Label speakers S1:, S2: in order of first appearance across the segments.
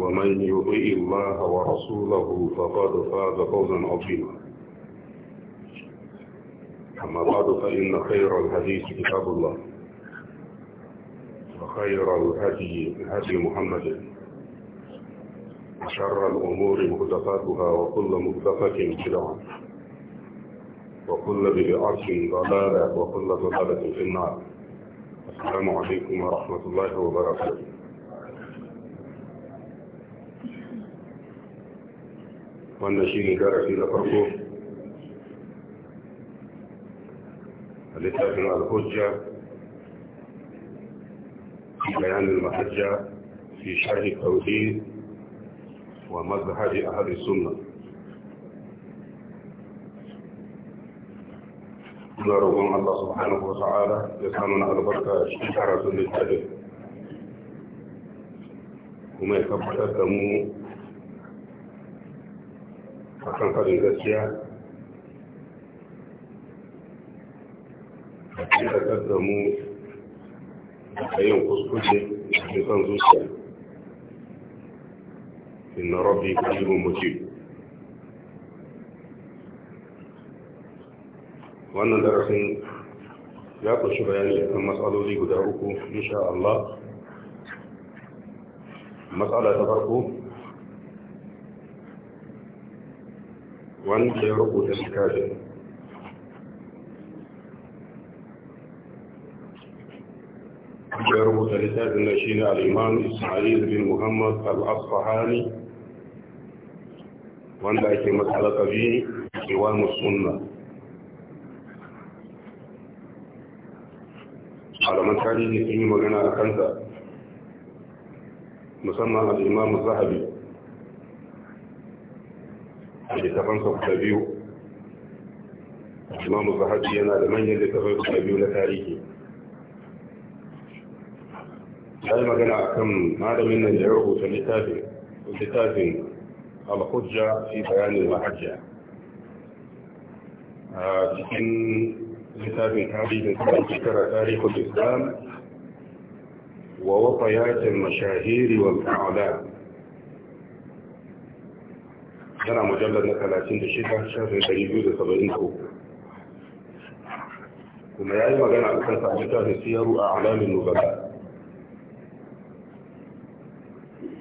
S1: ومن يطيع الله ورسوله فقد فاز فوزا عظيما أما بعد فإن خير الحديث كتاب الله وخير الهدي هدي محمد وشر الأمور مهدفاتها وكل مهدفة بدعة وكل بدعة ضلالة وكل ضلالة في النار السلام عليكم ورحمة الله وبركاته wannan shi ne darasi na farko a littafin في بيان المحجة في شرح التوحيد ومذهب أهل السنة نرجو الله سبحانه وتعالى يسألنا يسامنا البركة شكرا لله وما يكبر دمو فقط الأشياء
S2: حقيقة تدمو
S1: فينقص كل شيطان ذوسك إن ربي كريم مجيب وأنا دارسين لا تشوف يعني أن مسألة لي إن شاء الله مسألة تفرقوا وأنا يا رب الأشكال يا رب ثلاثات الناشين الإمام إسماعيل بن محمد الأصفهاني وأنا أتي مسألة في السنة على من كان يسمي مجنى الخنزة مسمى الإمام الذهبي اللي تفرنسا وكتابيو الإمام الظهبي أنا لمن يلي تفرنسا وكتابيو لتاريخي دائما قنا كم هذا من في الكتاب الحجة في بيان المحجة آه، لكن كتاب تعريف كان تاريخ الإسلام ووصيات المشاهير والأعلام شرع مجلد 30 الشتاء شهر تجيب يوز الطبيعين فوق وما يأي مجال على كان تعليقها في سير أعلام النبلاء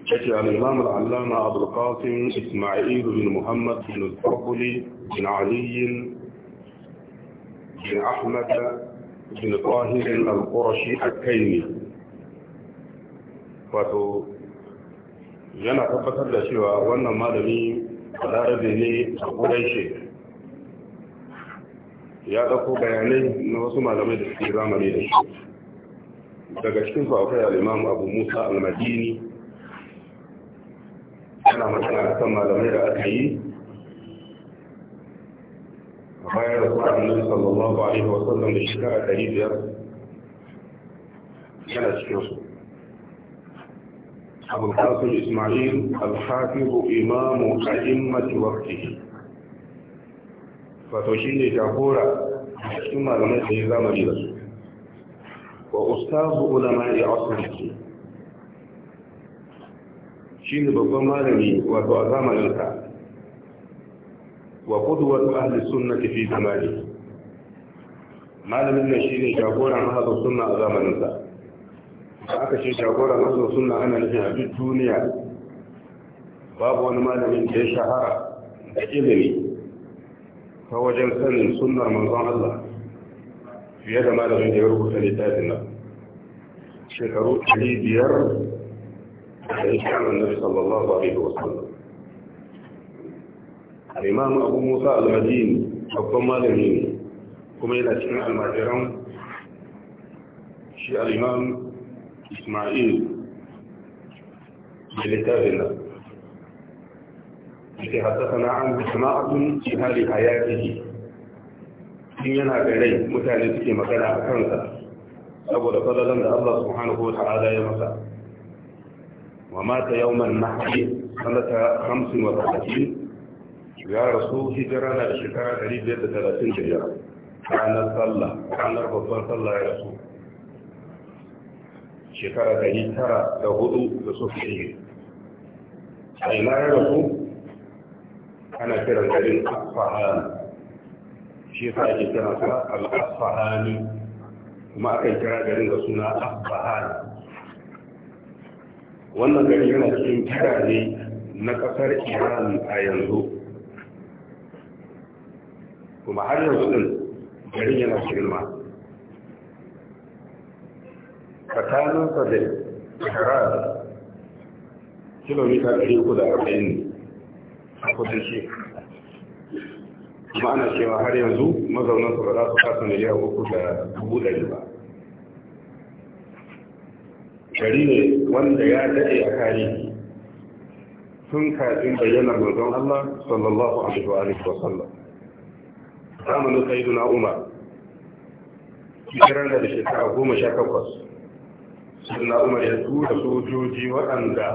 S1: شكي عن الإمام العلامة عبد القاسم إسماعيل بن محمد بن الفضل بن علي بن أحمد بن طاهر القرشي الكيمي فتو جنا تفضل شوى وانا ما balarabe ne a shi ya ɗauko bayanai na wasu malamai da suke zamani da shi daga cikin akwai al'imam abu musa al-madini
S2: yana magana da kan malamai da aka
S1: yi a bayan da kuma annabi sallallahu alaihi wasallam da shekara 500 yana cikinsu. أبو القاسم إسماعيل الحافظ إمام أئمة وقته فتوشيني جاكورا ثم لم يحيي زمني له وأستاذ علماء عصره شين بابا مالني وتعظم لك وقدوة أهل السنة في زمانه malamin nan shi ne jagoran haka suna a zamaninsa da aka ce jagoran azo suna ana nufin a duk duniya babu wani malamin da ya shahara da ilimi ta wajen sanin sunnar manzon Allah fiye da malamin da ya rubuta littafin nan shekaru ɗari biyar da ya shi annabi sallallahu alaihi wasallam al-imam abu musa al-madini babban malami ne kuma yana cikin almajiran shi al-imam إسماعيل بلتاهلة التي حدثنا عن سماعة في هذه حياته في ينهى كلي متعلي تكي مكان على أقول فضلا الله سبحانه وتعالى يا مساء ومات يوما نحي سنة خمس وثلاثين يا رسول هجرنا لشكرة قريب يتدرسين جيرا كان صلى كان الله صلى يا رسول shekara ɗari tara da hudu da suka yi a ina ya rasu ana kiran garin asfahan shi sa ake kiran sa al-asfahani kuma aka kira garin da suna asfahan wannan gari yana cikin kira ne na ƙasar iran a yanzu kuma har yanzu din garin yana girma tsakaninsa da ihram kilomita ɗari uku da arba'in ne a kudin shi Ma'ana cewa har yanzu mazaunansa ba za su kasa miliyan uku da dubu ɗari ba gari ne wanda ya daɗe a tarihi sun kafin bayyanar manzon Allah sallallahu alaihi wa alihi wa sallam zamanin sayyiduna Umar kiran da shekara goma sha takwas sannan umar ya tura sojoji waɗanda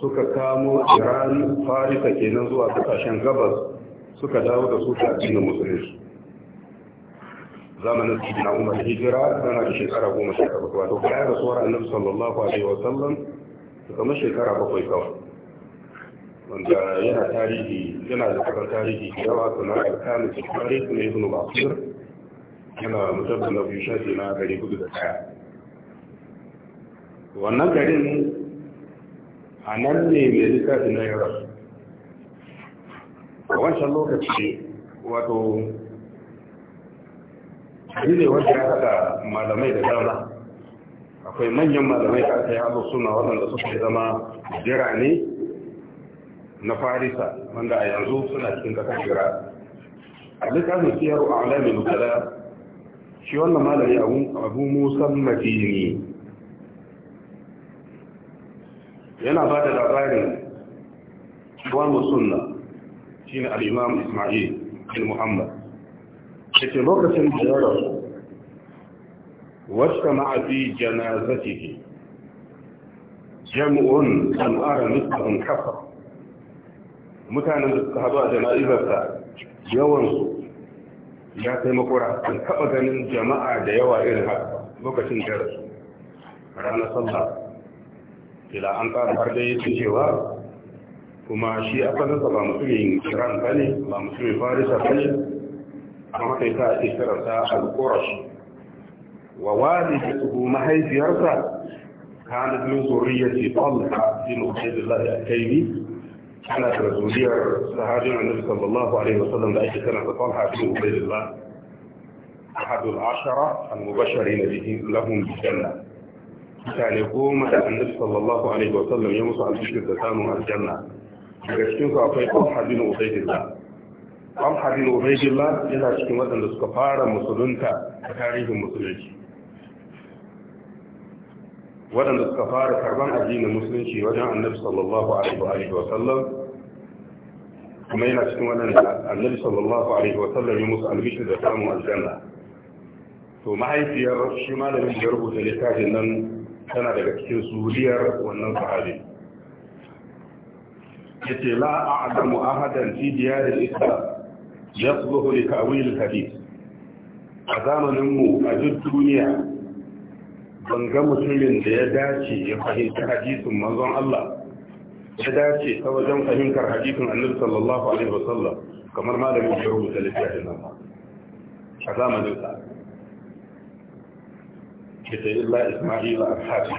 S1: suka kamo iran farisa kenan zuwa kasashen gabas suka dawo da su ta addinin musulunci zamanin su na umar hijira tana da shekara goma sha takwas wato bayan rasuwar annabi sallallahu alaihi wasallam da kamar shekara bakwai kawai wanda yana tarihi yana da kasan tarihi yawa suna alkanin su tarihi ne ibn basir yana mutabbar na biyu shafi na gari hudu da kaya wannan garin a nan ne mai littafi na yara a wancan lokaci wato shi ne wanda ya haɗa malamai da dama akwai manyan malamai da aka yi haɗu suna waɗanda suka yi zama jira ne na farisa wanda a yanzu suna cikin ƙasar jira a littafin siyar a mai mutala shi wannan malami abu musamman ne yana ba da labarin wani sunna shi ne al'imam ismail bin muhammad da ke lokacin da ya rasu wacce ma'afi janazatihi jam'un al'ara nufin kafa mutanen da suka haɗu a jana'izarsa yawansu ya kai makura taɓa ganin jama'a da yawa irin haka lokacin da rasu ranar sallah ila an tsara har da yake cewa kuma shi asalinsa ba musulmin iran bane ba musulmin farisa bane ne amma kai ta ake kirarsa al-qurash wa walidatuhu mahaifiyarsa kanat min zurriyyati talha bin ubaydullah al-kaybi ana da zuriyar sahabin annabi sallallahu alaihi wasallam da ake kana talha bin ubaydullah ahadul ashara al-mubashirin lahum bi jannah mutane goma da annabi sallallahu alaihi wa sallam ya musu albishir da samun aljanna daga cikin su akwai Talha bin Ubaydillah Talha bin Ubaydillah yana cikin waɗanda suka fara musulunta a tarihin musulunci waɗanda suka fara karban addinin musulunci wajen annabi sallallahu alaihi wa sallam kuma yana cikin waɗanda annabi sallallahu alaihi wa sallam ya musu albishir da samun aljanna to mahaifiyar shi malamin da rubuta littafin nan tana daga cikin suriyar wannan sahabi yace la a'lamu ahadan fi diyar al-islam yasbuhu li ta'wil al-hadith a zamanin mu a duk duniya ban ga mutumin da ya dace ya fahimci hadisin manzon Allah ya dace ta wajen fahimtar hadisin Annabi sallallahu alaihi wasallam kamar malamin da ya rubuta littafin nan a zamanin sa ita illa Isma'il al-Hafi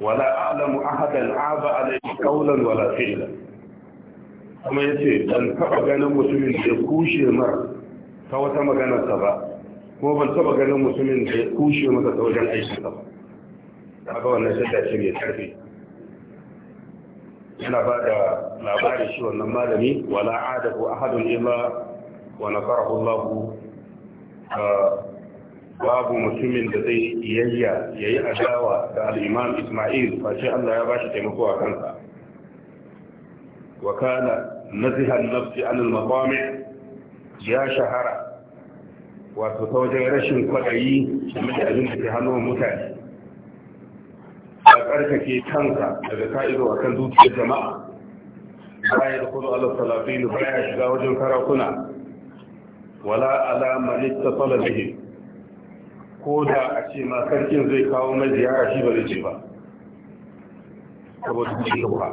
S1: wala a'lamu ahadan aba alayhi qawlan wala fi'lan kuma yace ban taba ganin mutumin da ya kushe mar ta wata maganarsa ba kuma ban taba ganin mutumin da ya kushe masa ta wajen aikinsa ba kaga wannan shaida mai karfi yana ba da labari shi wannan malami wala adahu ahadun illa wa nasarahu babu mutumin da zai iyayya ya yi adawa da al'imam Ismail face Allah ya ba shi taimako a kansa. Wakana nazihan nafsi anil maqami ya shahara wato ta wajen rashin kwaɗayi game da abin da ke hannun mutane. A ƙarfake kansa daga ka'ido a kan zuciyar jama'a, baya da kudu Allah salafinu baya shiga wajen karakuna. wala ala man ittasala ko da a ce ma sarkin zai kawo mai ziyara shi ba zai ce ba saboda cewa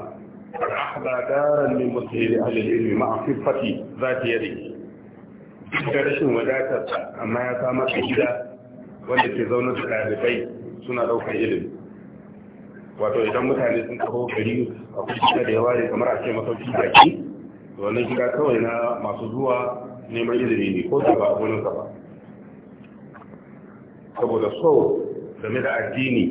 S1: al'ahda daren min yi alilmi ma'afin fati za ta yare da rashin wadatarsa amma ya samar da gida wanda ke zaune da ɗalibai suna ɗaukar ilimi wato idan mutane sun taho gari akwai gida da yawa ne kamar a ce masauki baki wannan gida kawai na masu zuwa neman ilimi ne ko da ba a wani ba saboda so game da addini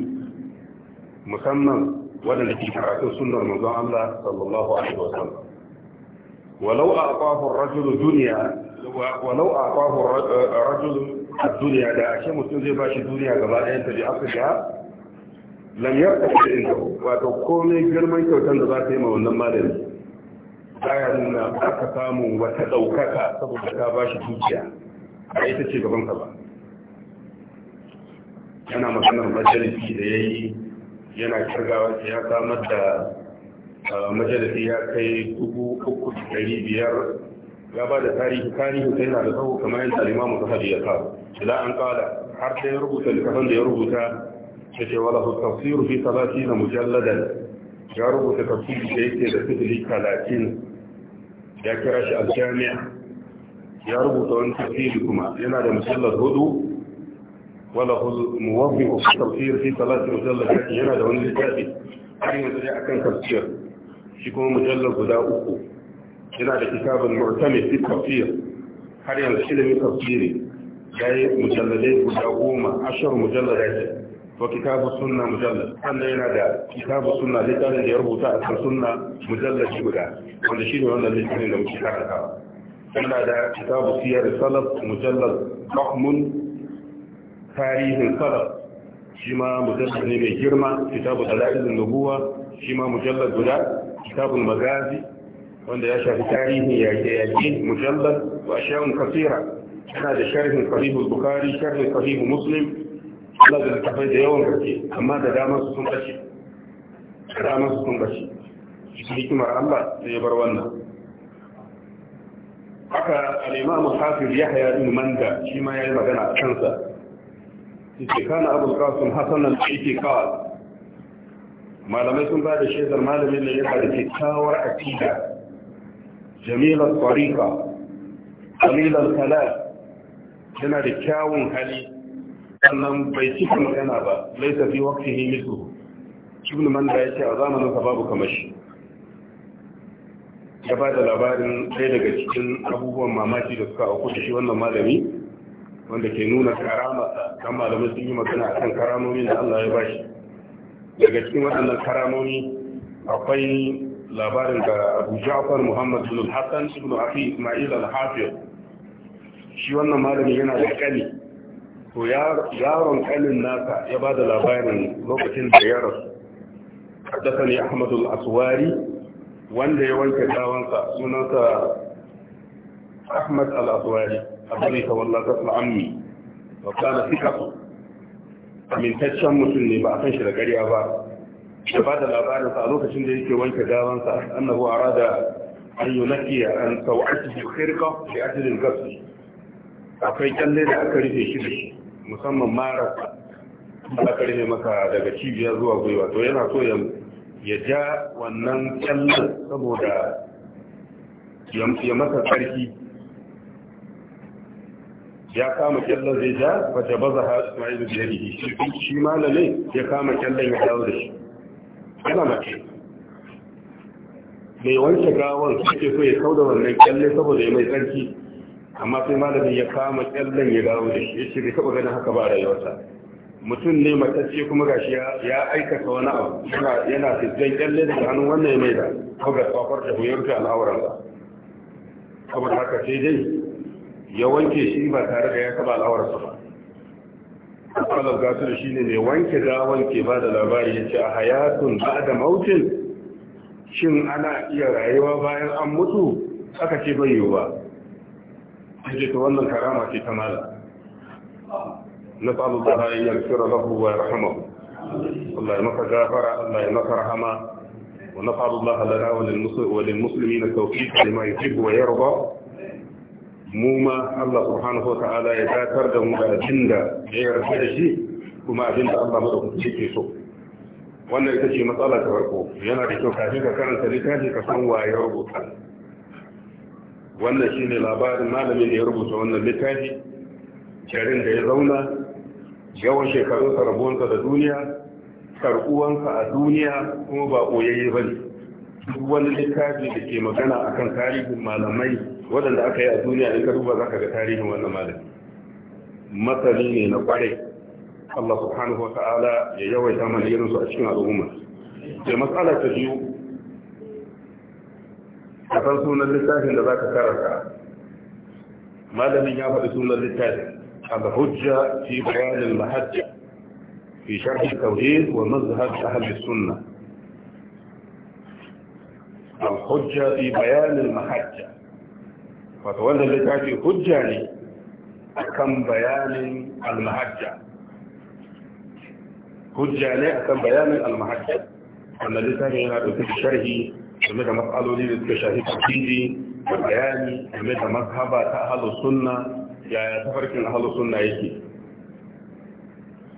S1: musamman waɗanda ke karatun sunnar manzon Allah sallallahu alaihi wa sallam walau a ƙwafin rajulu duniya walau a rajulu a duniya da ake mutum zai bashi duniya gaba ɗayan ta ji afirka lam yarda fi inda wato komai girman kyautar da za ta yi ma wannan malami baya nuna aka samu wata ɗaukaka saboda ta bashi dukiya a ita ce gaban ka ba yana maganar majalisi da ya yi yana kirgawa ya samar da majalisi ya kai dubu uku ɗari biyar ya ba da tarihi tarihi sai na da tsawo kamar yadda limamu zahabi ya kawo ila an kala har sai ya rubuta littafin da ya rubuta ta ce wala su tafsiru fi salati na mujalladan ya rubuta tafsiri da yake da fitili talatin ya kira shi aljami'a ya rubuta wani tafsiri kuma yana da mujallar hudu Wala وله الموضع في التفسير talatin mujallar مجلدات yana da wani littafi har yanzu a kan tafsir shi kuma mujallar guda uku yana da kitabul mu'tamid fi tafsir har yanzu ilimin tafsiri yi mujalladai guda goma ashar mujalladat wa kitabu sunna mujallad sannan yana da kitabu sunna littafin da ya rubuta a kan sunna shi guda wanda shi ne wannan littafin da muke karantawa yana da kitabu siyar salaf mujallad rahmun tarihin salaf shi ma mujallar ne mai girma kitabu dalailin nubuwa shi ma mujallar guda kitabul magazi wanda ya shafi tarihin yaƙe-yaƙe mujallar wa shayun kasira yana da sharhin sahihul bukhari sharhin sahihu muslim Allah da littafai da yawan gaske amma da damar su sun bace da damar su sun bace hikimar Allah sai ya bar wannan haka al-imam hafiz yahya ibn manda shi ma yayi magana a kansa yake kana abul qasim da al-i'tiqad malamai sun bada shaidar malamin ne yana da kyakkyawar akida jamilar tariqa qalilal kala yana da kyawun hali sannan bai cika magana ba laisa fi waqtihi mithluhu ibn ya yace a zamanin sa babu kamar shi ya ba da labarin ɗaya daga cikin abubuwan mamaki da suka auku da shi wannan malami wanda ke nuna karama kan malamai sun yi magana akan karamomi da Allah ya bashi daga cikin waɗannan karamomi akwai labarin da Abu Ja'far Muhammad bin Hassan ibn Abi Ismail al-Hafiz shi wannan malami yana da kani to yaron kanin nasa ya bada labarin lokacin da ya rasu حدثني أحمد wanda ya wanke يوانك sunansa Ahmad al الأسواري annabi sallallahu alaihi wasallam wa kana sikatu amintaccen mutum ne ba a san shi da ƙarya ba Ya bada labarinsa a lokacin da yake wanke gawansa annahu arada an yunakiya an sau'ati khirqa bi ajli al-ghasl akwai kyalle da aka rufe shi da shi musamman mara aka rufe maka daga cibiya zuwa gwiwa to yana so ya ja wannan kyallen saboda ya masa tsarki ya kama kyallon zai ja wata baza ha ismailu da yari shi malami ya kama kyallon ya dawo da shi yana mace mai wancan gawar suke so ya kau da wannan kyallon saboda ya mai tsarki amma sai malamin ya kama kyallon ya dawo da shi ya ce bai taba ganin haka ba rayuwarsa mutum ne matacce kuma gashi ya aikata wani abu yana fitjan kyalle da hannun wannan ya mai da kogar kwakwar da huyar ta al'auransa saboda haka sai dai ya wanke shi ba tare da ya kaba al'awarsa ba kwanar gasar shi ne mai wanke gawon ke ba da labari ya ce a hayatun ba da mautin shin ana iya rayuwa bayan an mutu aka ce bai ba ce ta wannan karama ce ta mala na tsalu da hanyar yarfira lahu wa yarhamahu Allah ya maka gafara Allah ya maka rahama wa na tsalu da halala wa lil musulmi na tawfiq lima yuhibbu wa yarda mu ma Allah subhanahu wa ta'ala ya datar da mu da abin da ya yarda da shi kuma abin da Allah madaukaki ke so wannan ita ce matsala ta farko yana da kyau kafin ka karanta littafi ka san wa ya rubuta wannan shine labarin malamin da ya rubuta wannan littafi jarin da ya zauna yawan shekarunsa rabuwansa da duniya karɓuwansa a duniya kuma ba koyayye ba ne duk wani littafi da ke magana akan tarihin malamai waɗanda aka yi a duniya in ka duba za ka ga tarihin wannan malami matsali ne na kwarai Allah subhanahu wa ta'ala ya yawaita mana irin su a cikin al'umma da matsala ta biyu a san sunan littafin da za ka karanta malamin ya faɗi sunan littafin al-hujja fi bayan al-mahajja في شرح التوحيد ومذهب أهل السنة الحجة في بيان mahajja wato wannan littafi hujja ne akan bayanin almahajja hujja ne akan bayanin almahajja wannan littafin yana dauke da sharhi game da matsaloli da suka shafi tafsiri da bayani game da mazhaba ta ahlus sunna yaya tafarkin ahlus sunna yake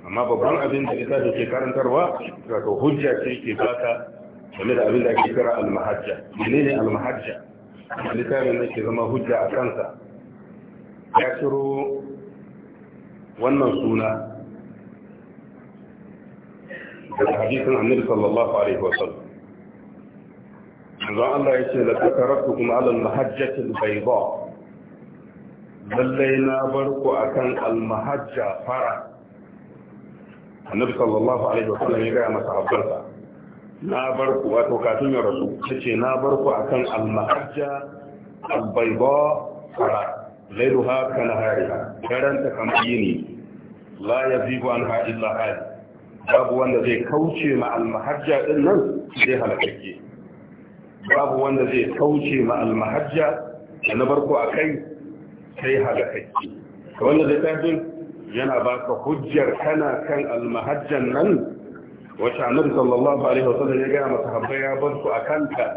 S1: amma babban abin da littafin ke karantarwa wato hujja ce ke baka game da abin da ake kira almahajja menene almahajja littafin da ke zama hujja a kansa ya ciro wannan suna daga hadisin annabi sallallahu alaihi wasallam manzon Allah ya ce la takaratu kuma ala al-mahajjati al-bayda lallai na bar ku akan al-mahajja fara annabi sallallahu alaihi wasallam ya ga masahabbansa na bar ku wato kafin ya rasu Ta ce na bar ku akan al-mahajja al-bayda fara lailuha na hariha daren ta kamar yini la yazibu anha illa hali babu wanda zai kauce ma al-mahajja din nan sai halakakke babu wanda zai kauce ma al-mahajja da na bar ku kai sai halakakke wanda zai tafi yana ba ka hujjar kana kan al-mahajjan nan wacce annabi sallallahu alaihi wasallam ya gaya masa habba ya bar ku a kanta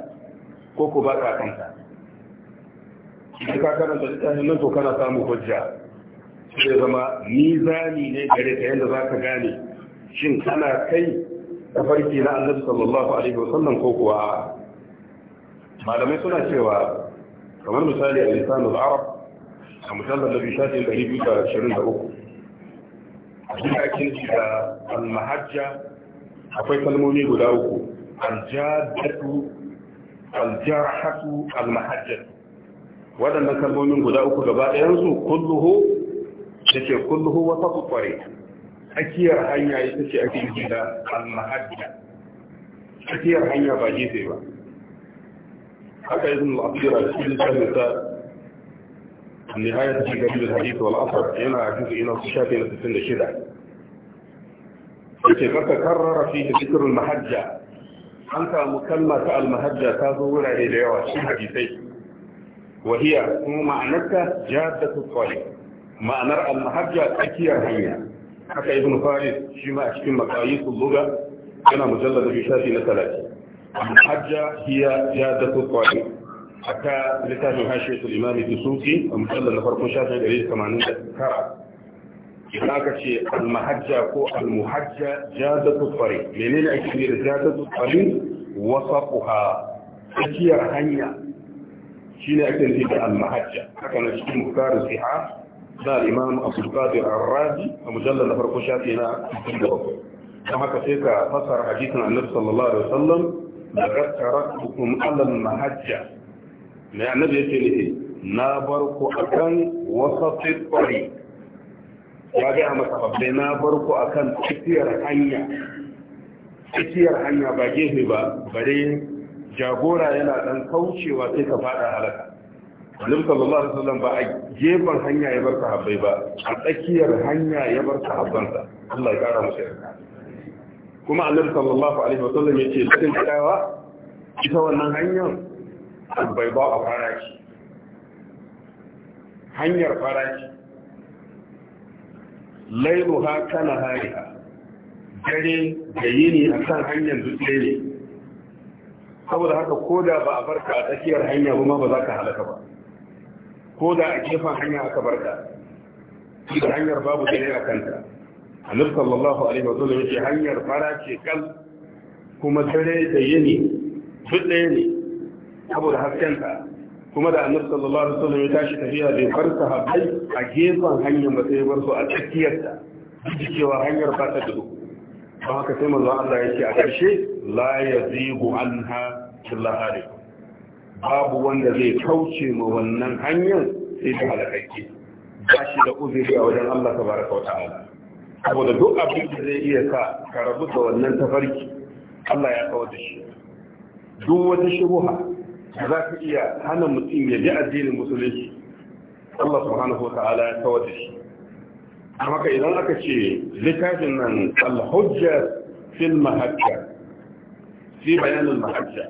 S1: ko ku ba ka kanta idan ka karanta littafin nan to kana samu hujja sai zama mizani ne gare ka yadda zaka gane shin kana kai farki na annabi sallallahu alaihi wasallam ko kuwa malamai suna cewa kamar misali a lisanul arab a musallar da bishafin 223 abin da ake nufi da al-mahajja akwai kalmomi guda uku aljadatu aljahatu almahajjat waɗannan kalmomin guda uku gaba ɗayansu kulluhu da ke kulluhu wata kukware tsakiyar hanya ita ce ake yi da almahajja tsakiyar hanya ba gefe ba haka yi zun lafira cikin sanata nihayar cikin da hadith wal asar yana a cikin ina su shafi na 66 yake kasa karrara fi zikrul mahajja an samu kalma ta almahajja ta zo wurare da yawa cikin hadisai wa hiya kuma ma'anarta jaddatu tawil ma'anar almahajja tsakiyar hanya haka ibn faris shi ma a cikin maqayisul lugha yana mujallad bi shafi na 30 almahajja hiya jaddatu tawil haka littafin hashiyatu al-imam tusuki mujallad na farko shafi 189 idan aka ce almahajja ko almuhajja jazatu tsari menene ake ne da jazatu tsari wasaquha tsakiyar hanya shine ake nufi da almahajja haka na cikin bukari siha da imam abu qadir ar-razi a mujallar na farko shafi na 67 don haka sai ka fasara hadisin annabi sallallahu alaihi wasallam da qad taraktukum ala almahajja mai annabi yake nufi na barku akan wasatit tsari ya gaya masa babbe na barko akan tsakiyar hanya tsakiyar hanya ba gefe ba bare jagora yana dan kaucewa sai ka fada halaka Annabi sallallahu alaihi wasallam ba a gefen hanya ya bar sahabbai ba a tsakiyar hanya ya bar sahabbansa Allah ya kara musu yarda kuma Annabi sallallahu alaihi wasallam ce, cikin tsayawa ita wannan hanyar bai ba a farashi hanyar farashi lailu ha kana hariha dare da yini a kan hanyar dutse ne saboda haka ko da ba a barka a tsakiyar hanya ba ba za ka halaka ba ko da a gefen hanya aka barka da hanyar babu dare a kanta nufkan sallallahu alaihi wa zuwa yake hanyar fara ce kal kuma dare da yini duk ɗaya ne saboda haskenta kuma da annabi sallallahu alaihi wasallam ya tashi tafiya bai bar sahabbai a gefen hanyar ba sai bar su a tsakiyarta ta cewa hanyar ba ta dubu Ba haka sai manzon Allah yake a ƙarshe la yazigu anha illa halik babu wanda zai kauce ma wannan hanyar sai da halakakke ba shi da uzuri a wajen Allah tabaraka wa ta'ala saboda duk abin da zai iya sa ka rabu da wannan tafarki Allah ya kawar da shi duk wata shubuha za ka iya hana mutum ya ji addinin musulunci Allah subhanahu wa ta'ala ya kawar da shi haka idan aka ce littafin nan al-hujja fil mahajja fi bayan al-mahajja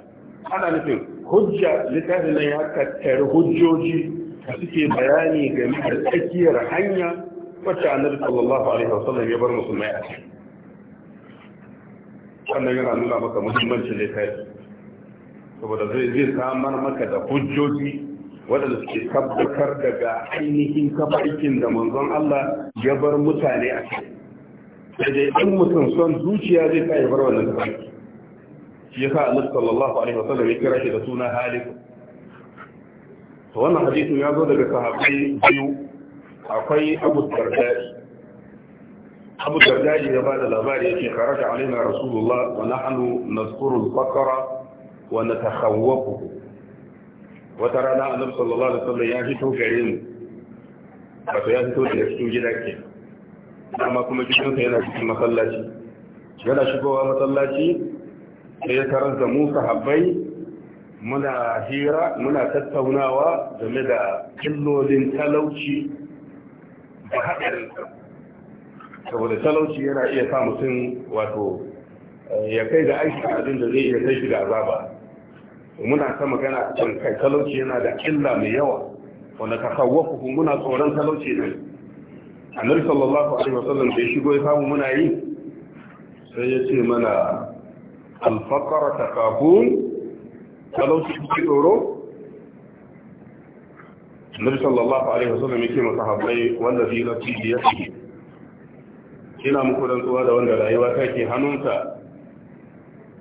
S1: ana nufin hujja littafin nan ya tattara hujjoji da suke bayani game da tsakiyar hanya wacce annabi sallallahu alaihi wasallam ya bar musulmai a ciki wannan yana nuna maka muhimmancin littafi saboda zai zai samar maka da hujjoji waɗanda suke tabbatar daga ainihin kafarkin da manzon Allah ya bar mutane a kai sai dai ɗan mutum son zuciya zai sa ya bar wannan tafarki shi yasa Allah sallallahu alaihi wasallam ya kira shi da suna haliku to wannan hadisin ya zo daga sahabbai biyu akwai Abu Darda'i abu da daji ya ba da labari ya yake karaja alaina rasulullah wa nahnu nazkuru al-baqara wa natakhawwafu wata rana nan sallallahu alaihi wasallam ya fito gare mu wato ya fito daga cikin gida ke amma kuma sa yana cikin masallaci yana shigowa masallaci sai ya tarar da mu sahabbai muna hira muna tattaunawa game da illolin talauci da haɗarinsa saboda talauci yana iya sa mutum wato eh, ya kai da aiki abin da zai iya kai shi da azaba muna ta magana kan kai talauci yana da illa mai yawa wanda ka kawo muna tsoron talauci ne annabi sallallahu alaihi wasallam da ya shigo ya samu muna yi sai ya ce mana al-faqr taqabun talauci ki tsoro annabi sallallahu alaihi wasallam yake masa habbai wanda fi nafsi yake ina muku rantsuwa da wanda rayuwa take hannunsa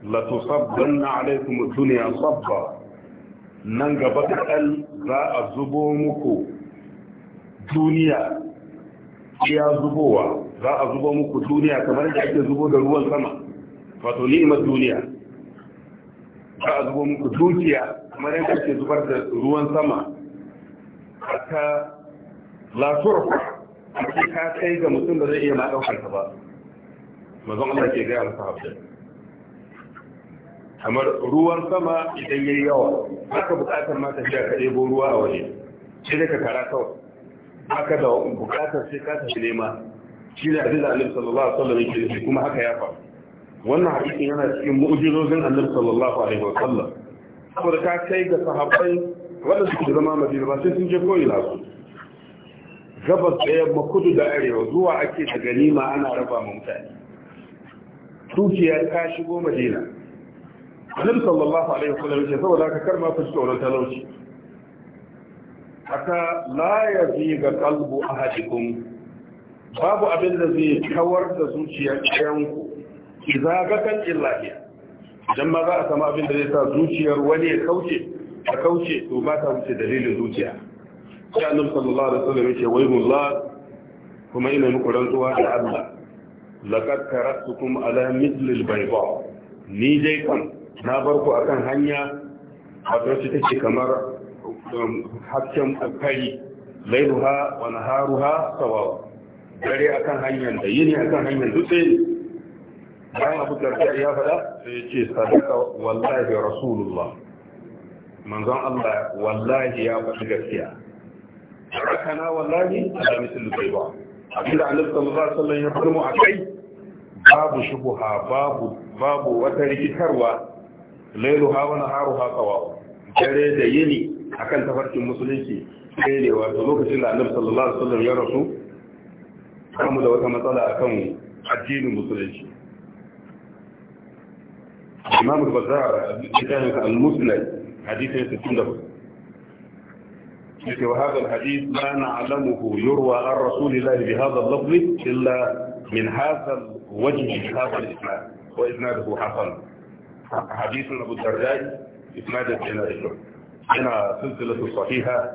S1: la tusabbanna alaikum dunya sabba nan gaba kaɗan za a zubo muku duniya ya zubowa za a zubo muku duniya kamar da ake zubo da ruwan sama wato ni'imar duniya za a zubo muku dukiya kamar yadda ake zubar da ruwan sama hatta lafiyar a ta kai ga mutum da zai iya ma ɗaukar ta ba mazan Allah ke gaya masa hafi kamar ruwan sama idan yayi yawa haka bukatar ma ta kaɗai bo ruwa a waje ne ka kara kawai haka da bukatar sai ka tafi nema shi ne abin da annabi sallallahu alaihi wasallam yake nufi kuma haka ya faru wannan hadisin yana cikin mu'jizozin annabi sallallahu alaihi wasallam saboda ka kai ga sahabbai wanda suke zama madina ba sai sun je ko na su gabas da yamma kudu da arewa zuwa ake ta ganima ana raba ma mutane Tukiya ta shigo madina annabi sallallahu alaihi wasallam yake saboda haka kar ma ku tsoron talauci haka la yaziga qalbu ahadikum babu abin da zai kawar da zuciyar ɗayanku iza ga kan illahi idan ma za a sama abin da zai sa zuciyar wani ya kauce a kauce to ba ta wuce dalilin zuciya sai annabi sallallahu alaihi wasallam yake waymullah kuma ina muku rantsuwa da Allah laqad karatukum ala mithlil bayda ni dai kan na bar ku kan hanya wato su take kamar um, hasken alkari lailuha wa naharuha sawawa dare a kan hanyar da yini a kan hanyar dutse bayan abu darda ya faɗa sai ya ce sadaka wallahi rasulullah manzon Allah wallahi ya faɗi gaskiya rakana wallahi ala misal zaiba abinda annabi sallallahu alaihi wasallam ya faɗi mu kai. babu shubha babu babu wata rikitarwa lailuha wa naharuha sawa dare da yini akan tafarkin musulunci sai ne wato lokacin da annabi sallallahu alaihi wasallam ya rasu kamu da wata matsala akan addinin musulunci imam al-bazar kitabin al na hadithin 64 وهذا الحديث لا نعلمه يروى عن رسول الله بهذا اللفظ إلا من هذا ko هذا da وإسناده حسن حديث أبو الدرداء إسناد الجنائز هنا سلسلة صحيحة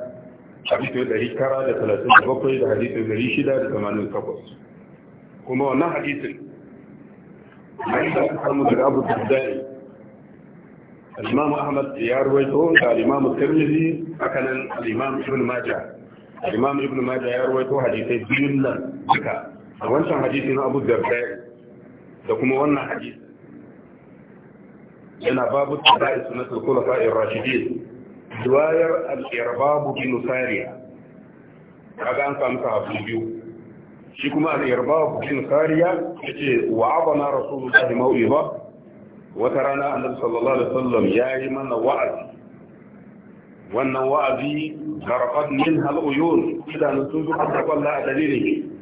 S1: حديث الذي كرى لثلاثين بطي حديث الذي شدة لثمانين تقص كما أن حديث محمد بن أبو الدرداء الإمام أحمد ويتو الإمام الترمذي أكن الإمام ابن ماجه الإمام ابن ماجه يرويته حديثي بيولا بكا wancan hadisi na abu darda da kuma wannan yana babu tsada'i sunatul khulafa'ir rashidin riwayar al-irbab bin sariya kaga an samu sahabbai biyu shi kuma al-irbab bin sariya yace wa'adana rasulullahi ba? wata rana annabi sallallahu alaihi ya yi mana wa'azi wannan wa'azi garafat min hal idanun sun zuka da wallahi a dalilin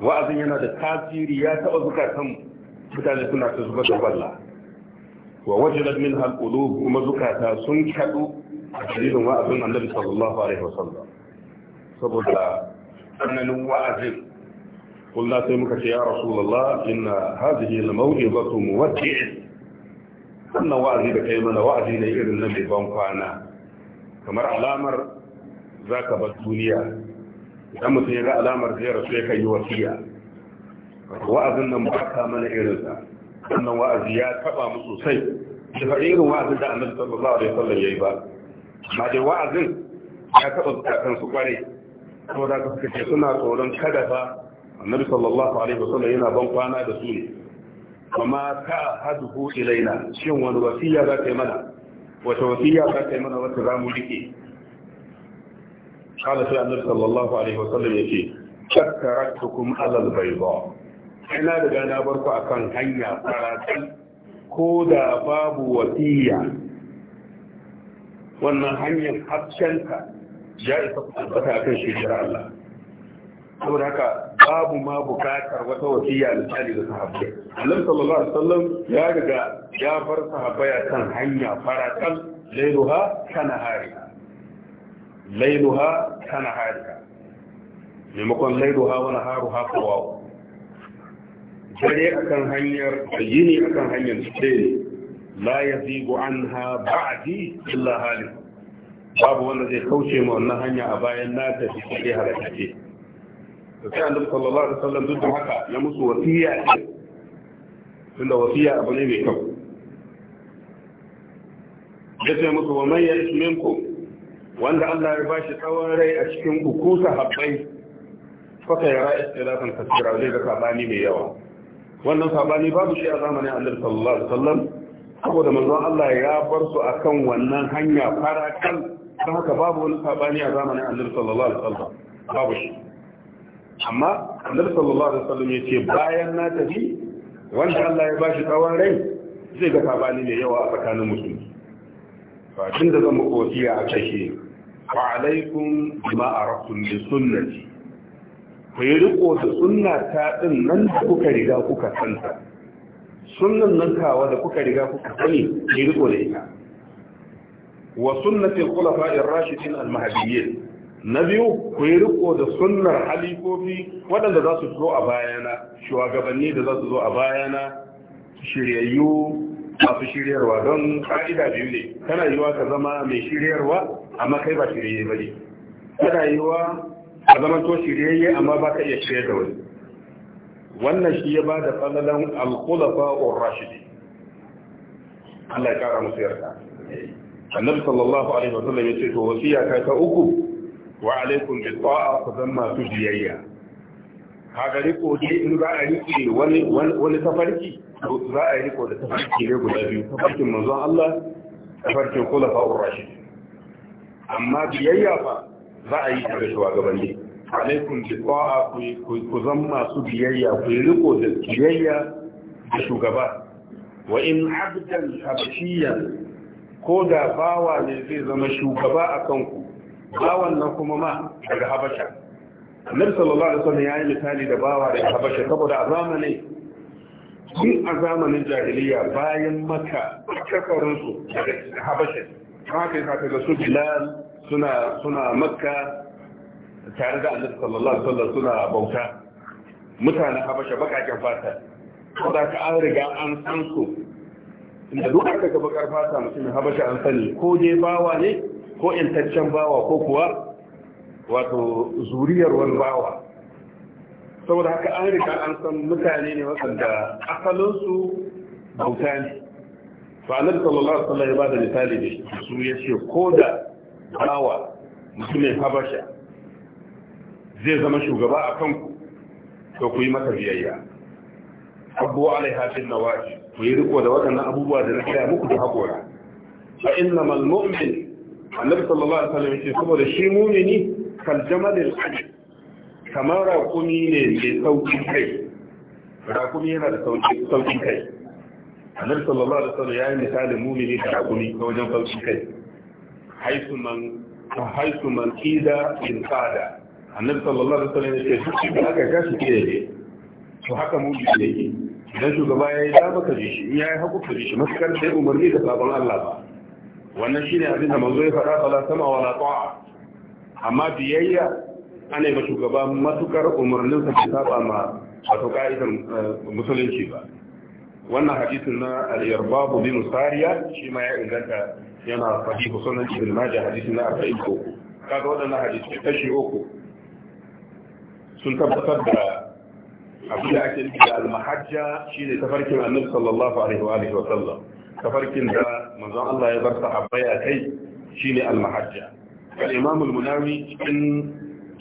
S1: wa'azin yana da tasiri ya taba zukatan mutane suna ta zuba da wallahi wa wajilar min halƙulu kuma zukata sun kaɗu a dalilin wa'azin annabi sallallahu alaihi wasallam saboda tsananin wa'azin kullum sai muka ce ya rasulallah inna hajji na mawuyi ba su muwace sannan wa'azi da kai mana wa'azi ne irin nan mai ban kwana kamar alamar za ka bar duniya idan mutum ya ga alamar zai rasu ya kan yi wasiya wa'azin nan ba ka mana irin sa sannan wa'azi ya taba mu sosai da irin wa'azin da annabi sallallahu alaihi wasallam yayi ba amma dai wa'azin ya taɓa zukatan su kware. saboda ka suka ce suna tsoron kada fa annabi sallallahu alaihi wasallam yana ban kwana da su ne amma ka haduhu ilaina shin wani wasiya za ka yi mana wata wasiya za ka yi mana wata za mu rike قال في النبي صلى الله عليه وسلم يتي شكرتكم على البيضاء ina daga na barku akan hanya ko da babu wasiya wannan hanyar haskenta ya isa tabbata akan shirin Allah saboda haka babu ma bukatar wata wasiya tsari da sahabbai Allah sallallahu alaihi wasallam ya riga ya bar sahabbai kan hanya farakan lailuha kana hariha lailuha kana hariha maimakon lailuha wa naharuha fawawu jare akan hanyar yini akan hanyar sai la yazigu anha ba'di illa halik babu wanda zai kauce ma wannan hanya a bayan na ta shi sai halakace to sai annabi sallallahu alaihi wasallam duk haka ya musu wasiya tunda wasiya abu ne mai kyau yace musu wa man yasminku wanda Allah ya ba shi tsawon rai a cikin uku sahabbai faka yara istilafan kasira zai ga sabani mai yawa wannan sabani babu shi a zamanin annabi sallallahu alaihi wasallam saboda manzon Allah ya bar su akan wannan hanya kan, don haka babu wani sabani a zamanin annabi sallallahu alaihi wasallam babu shi amma annabi sallallahu alaihi wasallam yace bayan na tafi wanda Allah ya bashi tsawon rai zai ga sabani mai yawa a tsakanin musulmi fa da zan muku wasiya a kai wa alaikum bima araftum bi sunnati ku yi riko da sunna ta ɗin nan da kuka riga kuka santa sunan nan kawa da kuka riga kuka sani ku yi riko da ita wa sunnatil khulafa'ir rashidin al-mahdiyyin na biyu ku yi riko da sunnar halifofi waɗanda za su zo a bayana shugabanni da za su zo a bayana shiryayyu masu shiryarwa don ka'ida biyu ne kana yiwa ka zama mai shiryarwa amma kai ba shiryayye ba ne kana yiwa a zaman to shiryayye amma ba ka iya shirya da wani wannan shi ya ba da falalan alkhulafa rashidi Allah ya kara musu yarda annabi sallallahu alaihi wasallam ya ce to wasiya ta ta uku wa alaikum bi ta'a fa zamma tujiyayya kaga riko ne in za a rike wani wani tafarki za a riko da tafarki ne guda biyu tafarkin manzon Allah tafarkin khulafa ar-rashid amma biyayya fa za a yi ta da shugabanni alaikum bi ta'a ku zan masu biyayya ku yi riko da biyayya da shugaba wa in abdan habashiyan ko da bawa ne zai zama shugaba a kanku bawan nan kuma ma daga habasha annabi sallallahu alaihi wasallam yayi misali da bawa daga habasha saboda a zamanin tun a zamanin jahiliya bayan maka a su daga habasha haka yasa ta ga su bilal suna suna makka tare da annabi sallallahu alaihi wasallam suna bauta mutanen habasha bakaken fata ko da ka an riga an san su inda duk aka ga bakar fata mutumin habasha an sani ko je bawa ne ko intaccen bawa ko kuwa wato zuriyar wani bawa saboda haka an riga an san mutane ne waɗanda asalinsu bauta ne fa annabi sallallahu alaihi wasallam ya bada misali da su yace ko da bawa mutumin habasha zai zama shugaba a kanku to ku yi masa biyayya abuwa alaiha bin nawaji ku yi riko da waɗannan abubuwa da na kira muku da haƙora fa innamal mu'min annabi sallallahu alaihi wasallam yace saboda shi mu'mini kal jamalil ajib kamar raƙumi ne mai sauƙin kai raƙumi yana da sauƙin kai annabi sallallahu alaihi wasallam ya yi misalin mu'mini da raƙumi ta wajen sauƙin kai haisu man haisu kida in kada annabi sallallahu alaihi wasallam yake duk da aka gashi ke ne to haka mu bi ne idan shugaba yayi da baka ji shi in yayi haku ka ji shi maskar sai umarni da sabon Allah ba wannan shine abin da manzo ya faɗa sala sama wala ta'a amma biyayya ana yi shugaba matukar umarnin sa ta saba ma wato ka'idar musulunci ba wannan hadisin na al-yarbabu bi musariya shi ma ya inganta yana sahihu sunan ibn majah hadisi na 43 kaga wadannan hadisi kashi uku sun tabbatar da abu da ake nufi da mahajja shine tafarkin annabi sallallahu alaihi wa alihi wa sallam tafarkin da manzon Allah ya bar sahabbai a kai shine almahajja al-imam al-munawi cikin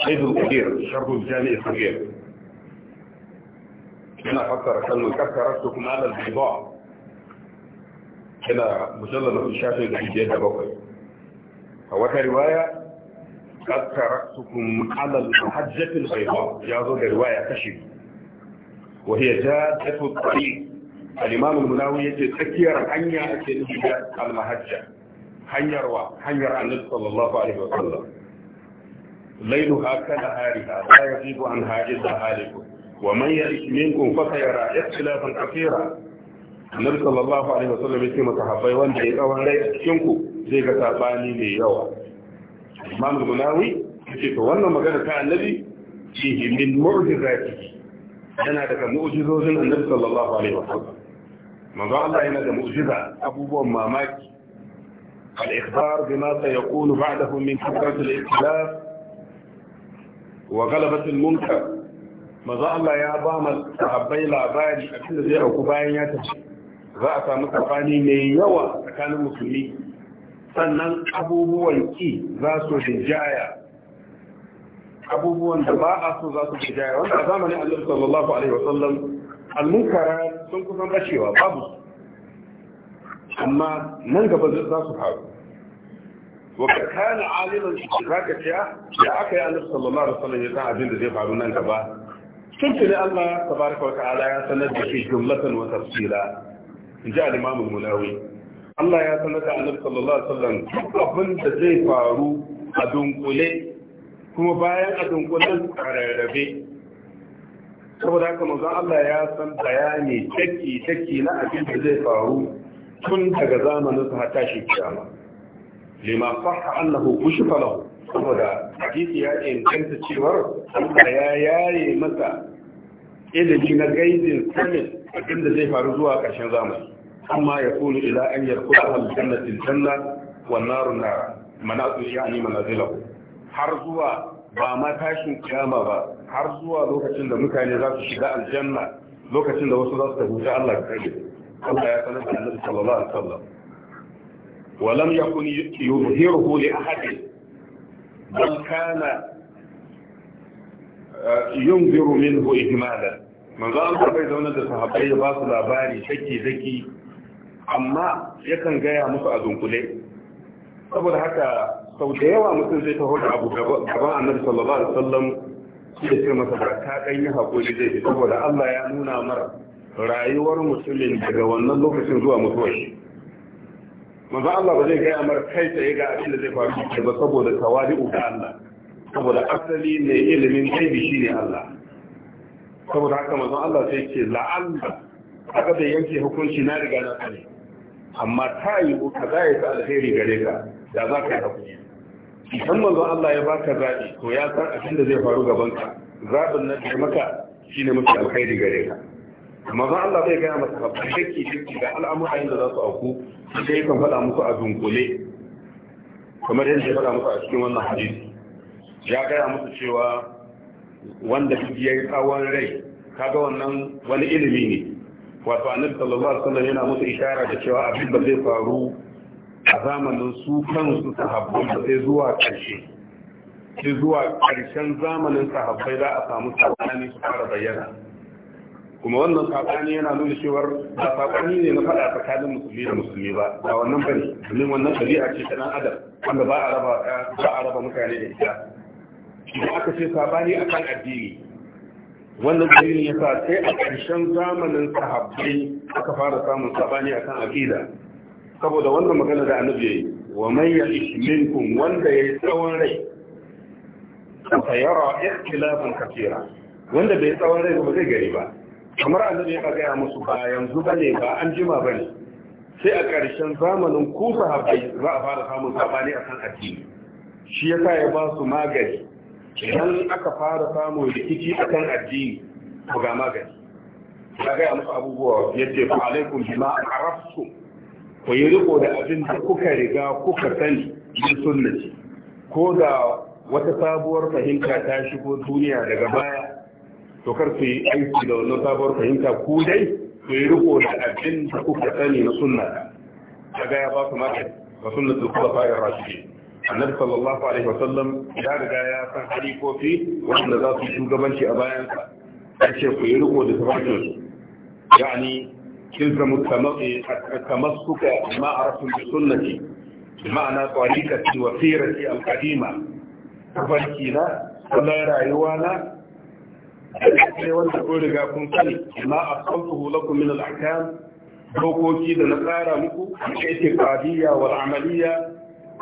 S1: aid al-qadir sharh al-jami' al-qadir yana fassara kalmar kasaratu kuma al-bayda yana mujallar shafin da ke da bakwai رواية wata riwaya قد تركتكم على المحجة البيضاء يا جاءوا رواية تشب وهي جادة الطريق الإمام المناوي يتذكر حنيا أكلها المحجة حنيا روا حنيا النبي صلى الله عليه وسلم ليلها كنهارها لا يغيب عنها إلا هالك ومن يئس منكم فسيرى اختلافا كثيرا annabi sallallahu alaihi wasallam ya ce masahabbai wanda ya tsawon rai a cikin ku zai ga sabani mai yawa imam al-munawi yace to wannan magana ta annabi fihi min mu'jizati yana daga mu'jizozin annabi sallallahu alaihi wasallam manzo Allah yana da mu'jiza abubuwan mamaki al-ikhbar bima sayakunu ba'dahu min kathrat al-ikhtilaf wa ghalabat al-munkar manzo Allah ya ba mu sahabbai labari abinda zai auku bayan ya tafi za a samu tsakani mai yawa tsakanin musulmi sannan abubuwan ki za su rinjaya abubuwan da ba a so za su rinjaya wanda a zamanin annabi sallallahu alaihi wasallam almunkara sun kusan bacewa babu amma nan gaba za su faru وقد كان عالما ذاك الشيء da aka yi annabi sallallahu alaihi wasallam ya san abin da zai faru nan gaba tun tuni Allah tabaraka wa ta'ala ya sanar da shi jumlatan wa tafsila in ji alimamin munawi Allah ya sanar da annabi sallallahu alaihi wasallam duk abin zai faru a dunkule kuma bayan a dunkulen a rarrabe saboda haka manzo Allah ya san bayani taki taki na abin da zai faru tun daga zamanin sa hatta shi kiyama lima sahha annahu kushifa lahu saboda hadisi ya inganta cewa Allah ya yaye masa ilimi na gaidin sanin abinda zai faru zuwa ƙarshen zamani أما يقول إلى أن يدخلها الجنة الجنة والنار النار منازل يعني منازله حرزوا بما تاشن كاما با حرزوا لوكا سند مكان يزاف شداء الجنة لوكا سند إن شاء الله كريم الله يتنبه النبي صلى الله عليه وسلم ولم يكن يظهره لأحد بل كان ينذر منه إهمالا من ذا أنت بيضا ونذر صحابي باصل أباري شكي ذكي amma yakan gaya musu a dunkule saboda haka sau da yawa mutum zai taho da abu gaban annabi sallallahu alaihi wasallam shi da ce masa ba ta dan yi hakuri zai saboda Allah ya nuna mara rayuwar mutumin daga wannan lokacin zuwa mutuwar shi manzo Allah ba zai gaya mar kai tsaye ga abin da zai faru ba saboda tawadi'u ga Allah saboda asali ne ilimin gaibi shine Allah saboda haka manzo Allah sai ce la'alla aka da yanke hukunci na riga na sani amma ta yi ka za ya fi alheri gare ka da za ka yi haƙuri idan mazan Allah ya baka zaɓi ko ya san abin da zai faru gaban ka zaɓin nan ke maka ne mafi alheri gare ka amma Allah zai gaya masa babban shakki shakki da al'amuran da za su auku sai kan faɗa musu a dunkule kamar yadda ya faɗa musu a cikin wannan hadisi ya gaya musu cewa wanda ya yi tsawon rai kaga wannan wani ilimi ne wato annabi sallallahu alaihi wasallam yana musu ishara da cewa abin da zai faru a zamanin su kansu sahabbai da sai zuwa ƙarshe sai zuwa ƙarshen zamanin sahabbai za a samu sabani su fara bayyana kuma wannan sabani yana nuna cewar ba sabani ne na faɗa tsakanin musulmi da musulmi ba ba wannan bane domin wannan ɗabi'a ce ta ɗan adam wanda ba a raba ba a raba mutane da ita idan aka ce sabani akan addini wannan ya yasa sai a ƙarshen zamanin sahabbai aka fara samun sabani akan aqida saboda wannan magana da annabi yayi wa man ya'ish minkum wanda yayi tsawon rai fa yara ikhtilafan kathira wanda bai tsawon rai ba zai gari ba kamar annabi ya ga musu ba yanzu bane ba an jima bane sai a ƙarshen zamanin ku sahabbai za a fara samun sabani akan addini shi yasa ya ba su magani idan aka fara samun rikici a kan addini to ga magani ya gaya musu abubuwa yadda fa alaikum bima arafsu ku yi riko da abin da kuka riga kuka sani min sunnati ko da wata sabuwar fahimta ta shigo duniya daga baya to kar su yi aiki da wannan sabuwar fahimta ku dai ku yi riko da abin da kuka sani na sunnata, ya gaya ba su magani wa sunnatul khulafa'ir rashidin annabi sallallahu alaihi wasallam ya riga ya san Kofi, wanda za su shugabanci a bayansa ya ce ku yi riko da tafarkinsu yani kilzamu tamassuka ma arafun bi sunnati ma'ana tariqati wa sirati al-qadima na sallar rayuwa na sai wanda ko riga kun sani ma asaltuhu lakum min al dokoki da na tsara muku ita ce qadiyya wal amaliyya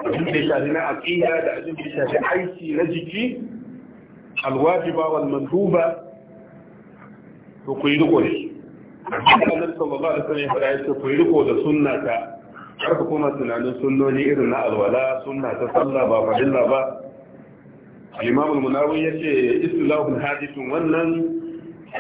S1: abin da shafi na aƙida da abin da shafi aiki na jiki alwajiba wal manduba to ku yi riko ne abin da sallallahu alaihi wasallam ya fara yace ku yi riko da sunnata. ta har ku kuma tunanin sunnoni irin na alwala sunnata sallah ba fadilla ba al-imam al-munawi yace istilahul hadithun wannan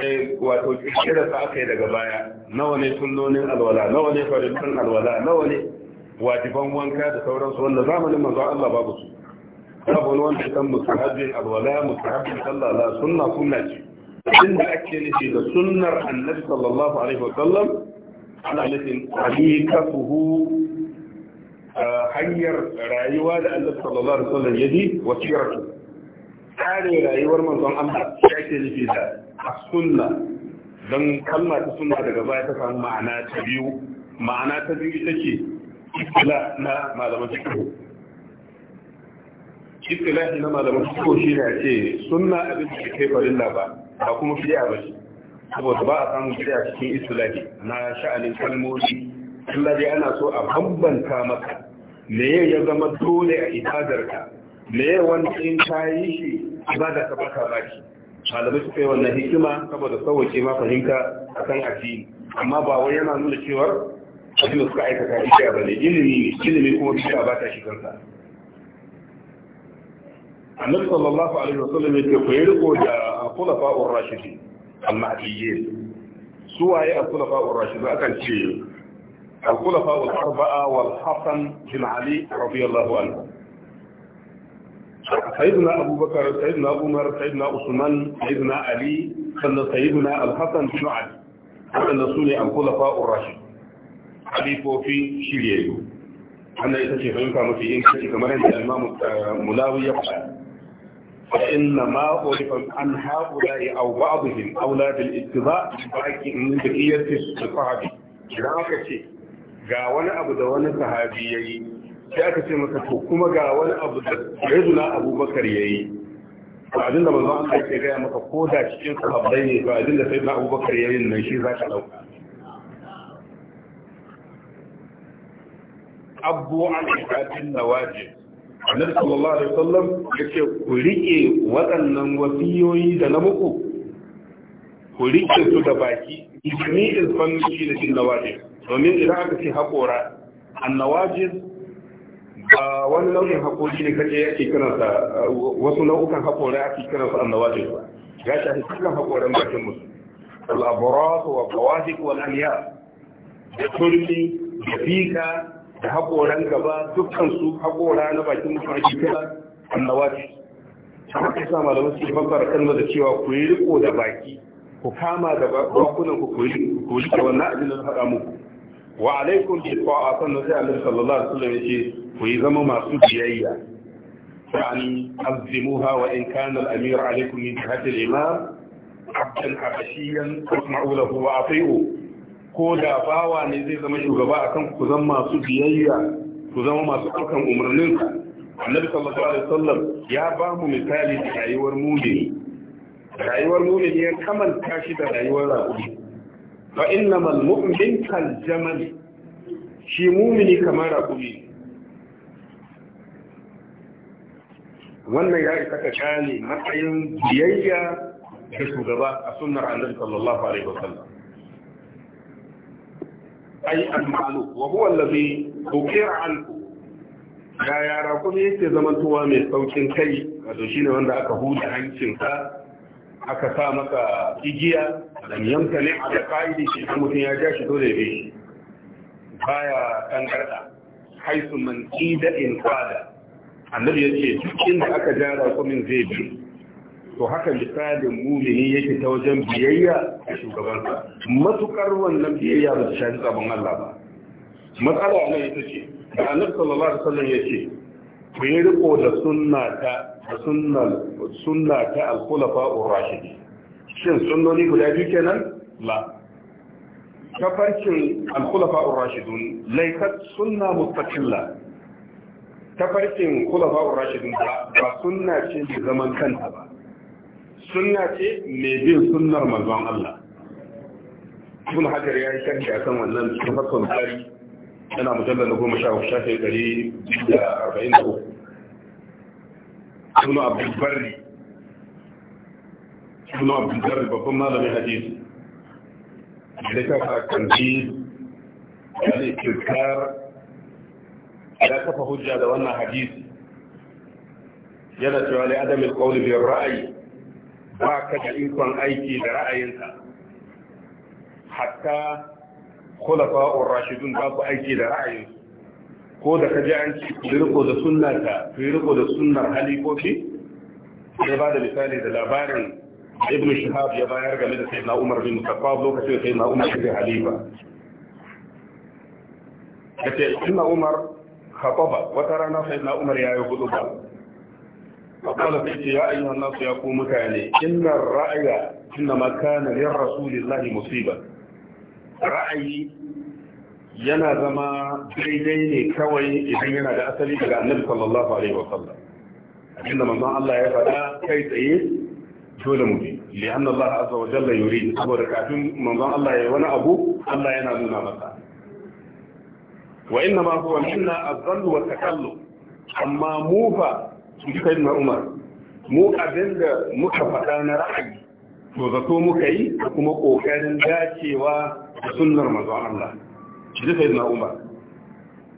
S1: eh, wato kirkira sa aka yi daga baya nawa ne sunnonin alwala nawa ne farillan alwala nawa ne wajiban wanka da sauransu wanda zamanin manzo Allah babu su babu wani wanda kan musahabi alwala musahabi sallah la sunna sunna ce inda ake nufi da sunnar annabi sallallahu alaihi wa sallam ana nufin haqiqatuhu hanyar rayuwa da annabi sallallahu alaihi wa sallam yadi wasiratu kare rayuwar manzon Allah shi ake nufi da sunna dan kalma ta sunna daga baya ta samu ma'ana ta biyu ma'ana ta biyu ita ce istila na malaman fikihu istilahi na malaman shi ne a ce suna abin da kai farilla ba ba kuma fiya ba shi saboda ba a samun a cikin istilahi na sha'anin kalmomi Allah ana so a bambanta maka me ya zama dole a ibadarka me ya in ka yi shi ibada ka baka baki malamai suka yi wannan hikima saboda sauwake ma fahimta akan addini amma ba wai yana nuna cewar abin da suka aikata bishiya ba ne ilimi ne ilimi kuma bishiya ba ta shigarsa annabi sallallahu alaihi wasallam yake ku yi da khulafa ur rashidi al-mahdiyyin su waye al-khulafa ur rashidi akan ce al-khulafa al-arba'a wal hasan bin ali radiyallahu anhu سيدنا أبو بكر سيدنا عمر سيدنا عثمان سيدنا علي سيدنا الحسن بن علي هذا الرسول الخلفاء الراشدون halifofi shiryayyu wannan ita ce fahimta mafi yin inganci kamar yadda imamu eh, mulawi ya Ba an faɗa فإن ما عرف عن هؤلاء أو بعضهم أولى بالاتباع من بقية الصحابي idan aka ce ga wani abu da wani sahabi ya yi sai aka ce maka to kuma ga wani abu da rajula abubakar ya yi ba abin da manzon Allah yake gaya maka ko da cikin sahabbai ne ba abin da sai na abubakar ya yi nan shi za ka ɗauka abbo alaihatin nawajib annabi sallallahu alaihi wasallam ce ku riƙe waɗannan wasiyoyi da na muku ku riƙe su da baki ni in san shi da cin nawajib domin idan aka ce haƙora nawaje ba wani nau'in haƙori ne kaje yake kiransa wasu nau'ukan haƙora ake kiransa annawajib ba ya shafi dukkan haƙoran bakin musu al-abras wa qawahiq wal aliyah da turmi da fika da haƙoran gaba dukkan su haƙora na bakin mutane mutum ake kira annawati haka sa malaman su yi fassara kalmar da cewa ku yi riko da baki ku kama da bakunan ku ku yi da wannan abin da na faɗa muku wa alaikum bi ta'a sannan sai Allah sallallahu alaihi wasallam yace ku yi zama masu biyayya yani azimuha wa in kana al-amir alaikum min jihati al-imam abdan habashiyan fasma'u lahu wa ati'u ko da bawa ne zai zama shugaba akan ku zama masu biyayya ku zama masu ɗaukan umarnin annabi sallallahu alaihi wasallam ya ba mu misali da rayuwar mumini rayuwar mumini ya kamanta shi da rayuwar raƙumi fa innamal mu'min kal jamal shi mumini kamar raƙumi wannan ya isa ka gane matsayin biyayya da shugaba a sunnar annabi sallallahu alaihi wasallam ai al wa huwa allazi dhukira anhu ga yara kuma yake zamantowa mai saukin kai wato shine wanda aka huda ka aka sa maka igiya dan yanka ne a da ka'idi shi mutum ya ja shi dole ne baya tangarda haisu man ida in fada annabi yace duk inda aka ja rakumin zai bi to haka misalin mumini yake ta wajen biyayya ga shugabansa matukar wannan biyayya ba ta shafi sabon Allah ba matsala nan ita ce da annabi sallallahu alaihi wasallam yace ku yi riko da sunnata da sunnal sunnata al-khulafa ar-rashidin shin sunnoni guda biyu kenan la Ta farkin al-khulafa ar-rashidun laysat sunna mustaqilla farkin khulafa ar-rashidun ba sunna ce da zaman kanta ba سنة مدين سنة رمضان الله ابن حجر يعني كان في أسان وأنان تفكر مكاري أنا مجلد لكم مشاهد الشافي قريب جدا أربعين أخوة ابن عبد البر ابن عبد البر بقوم ماذا من حديث ذلك فأكتنجيز يعني تذكار لا تفهج هذا وأنا حديث يلا سؤالي عدم القول في الرأي ba ka da ikon aiki da ra'ayinsa, hatta khulafa'ur rashidun ba ku aiki da ra'ayinsu ko da kaji an ci ku riko da sunnata ku riko da sunnar halifofi sai ba da misali da labarin ibn shahab ya bayar game da sayyidina umar bin khattab lokacin da sayyidina umar shi halifa kace sayyidina umar khataba wata rana sayyidina umar ya yi ba فقال فيك يا أيها الناس يا قوم متعني إن الرأي إنما كان للرسول الله مصيبة رأي yana zama daidai ne kawai idan yana da asali daga annabi sallallahu alaihi wa sallam abinda manzon Allah ya faɗa kai tsaye dole mu bi li'anna Allah azza wa jalla yurid saboda kafin manzon Allah ya wani abu Allah yana nuna masa wa inna ma huwa minna az-zannu wa takallum amma mu fa sai na umar mu abinda muka faɗa na ra'ayi to zato muka yi da kuma ƙoƙarin dacewa da sunnar manzon Allah shi sai na umar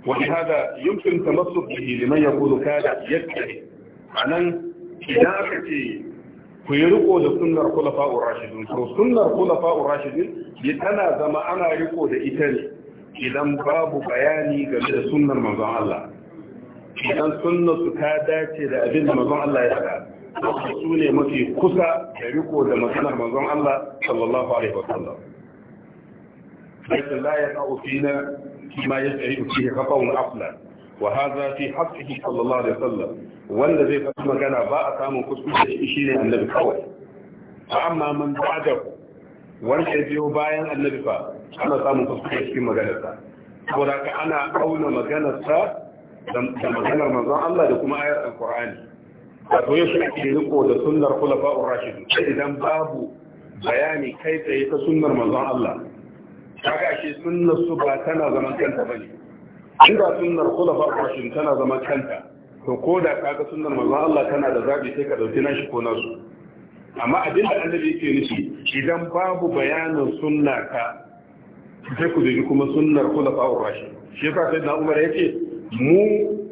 S1: wa hada yumkin tamassuk bihi ya kudu kada yadda a nan idan aka ce ku yi riko da sunnar kulafa'ur rashidun to sunnar kulafa'ur rashidun tana zama ana riko da ita ne idan babu bayani game da sunnar manzon Allah idan sunna su ta dace da abin da manzon Allah ya faɗa su ne mafi kusa da riko da maganar mazan Allah sallallahu alaihi wasallam lakin la yaqa'u fina ma yas'u fihi khata'un afla wa hadha fi haqqihi sallallahu alaihi wasallam wanda zai faɗi magana ba a samun kuskure da shi ne annabi kawai fa amma man ba'dahu wanda ya biyo bayan annabi fa ana samun kuskure cikin maganarsa saboda ka ana auna maganarsa da maganar manzon Allah da kuma ayar qurani wato yau shi ake riko da sunnar khulafa'ur rashid idan babu bayani kai tsaye ta sunnar manzon Allah kaga shi sunnar su ba tana zaman kanta bane inda sunnar khulafa'ur rashid tana zaman kanta to ko da kaga sunnar manzon Allah tana da zabi sai ka dauki nashi ko nasu amma abin da annabi yake nufi idan babu bayanin sunna ka sai ku dubi kuma sunnar khulafa'ur rashid shi yasa sai na Umar yake mu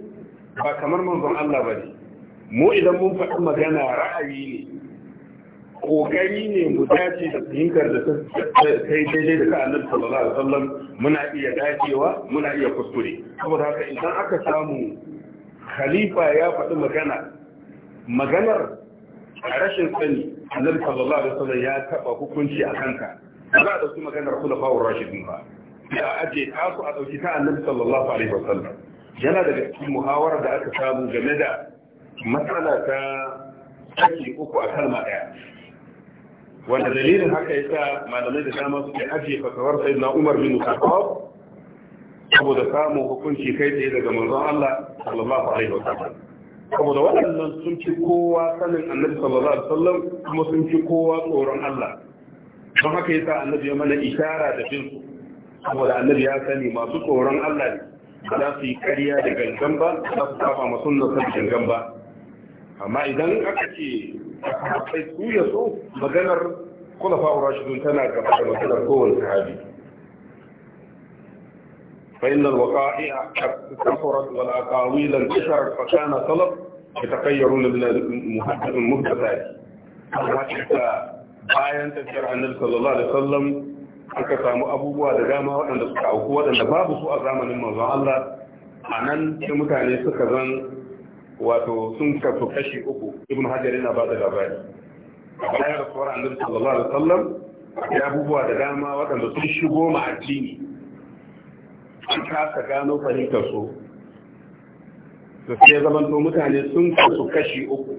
S1: ba kamar manzon Allah ba ne mu idan mun faɗi magana ra'ayi ne ƙoƙari ne mu dace da fahimtar da ta yi daidai da ka'anar sallallahu alaihi wasallam muna iya dacewa muna iya kuskure saboda haka idan aka samu khalifa ya faɗi magana maganar a rashin sani annabi sallallahu alaihi wasallam ya taɓa hukunci a kanka ba za a ɗauki maganar kula fawon rashidin ba ya aje tasu a ɗauki ta annabi sallallahu alaihi wasallam yana daga cikin muhawar da aka samu game da matsala ta saki uku a kalma ɗaya wanda dalilin haka ya sa malamai da dama suke ajiye fasawar sai na umar bin khattab saboda samun hukunci kai tsaye daga manzon Allah sallallahu alaihi wasallam saboda waɗannan sun ci kowa sanin annabi sallallahu alaihi wasallam kuma sun ci kowa tsoron Allah don haka ya sa annabi ya mana ishara da bin saboda annabi ya sani masu tsoron Allah ne ba za su yi ƙarya da gangan ba za su saba ma sunna sa da gangan ba amma idan aka ce kai su ya so maganar kulafa urashidun tana gaba da maganar kowane sahabi فإن الوقائع كثرت والأقاويل انتشرت فكان طلب يتخيرون من المحدثات. حتى bayan tafiyar annabi sallallahu alaihi wasallam aka samu abubuwa da dama waɗanda suka auku waɗanda babu su a zamanin manzon Allah a nan sai mutane suka zan wato sun kasu kashi uku ibn hajar yana ba da labari a baya da tsoron annabi sallallahu alaihi wasallam akwai abubuwa da dama waɗanda sun shigo ma addini an kasa gano fahimtar su da sai zamanto mutane sun kasu kashi uku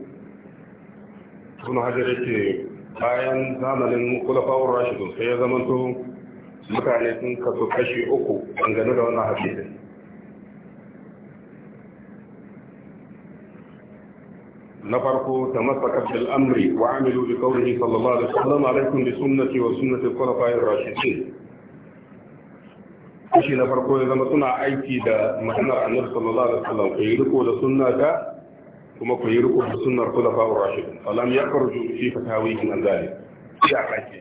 S1: ibn hajar yake bayan zamanin kulafawar rashidu sai ya zama to mutane sun kasu kashi uku dangane da wannan hadisin na farko ta masaka bil amri wa amilu bi qawlihi sallallahu alaihi wasallam alaikum bi sunnati wa sunnati al-khulafa'ir rashidin kashi na farko ya zama suna aiki da maganar annabi sallallahu alaihi wasallam kai riko da sunna ta kuma ku yi riko da sunnar khulafa ar-rashid falam yakhruju fi fatawihin an zalik sai a kake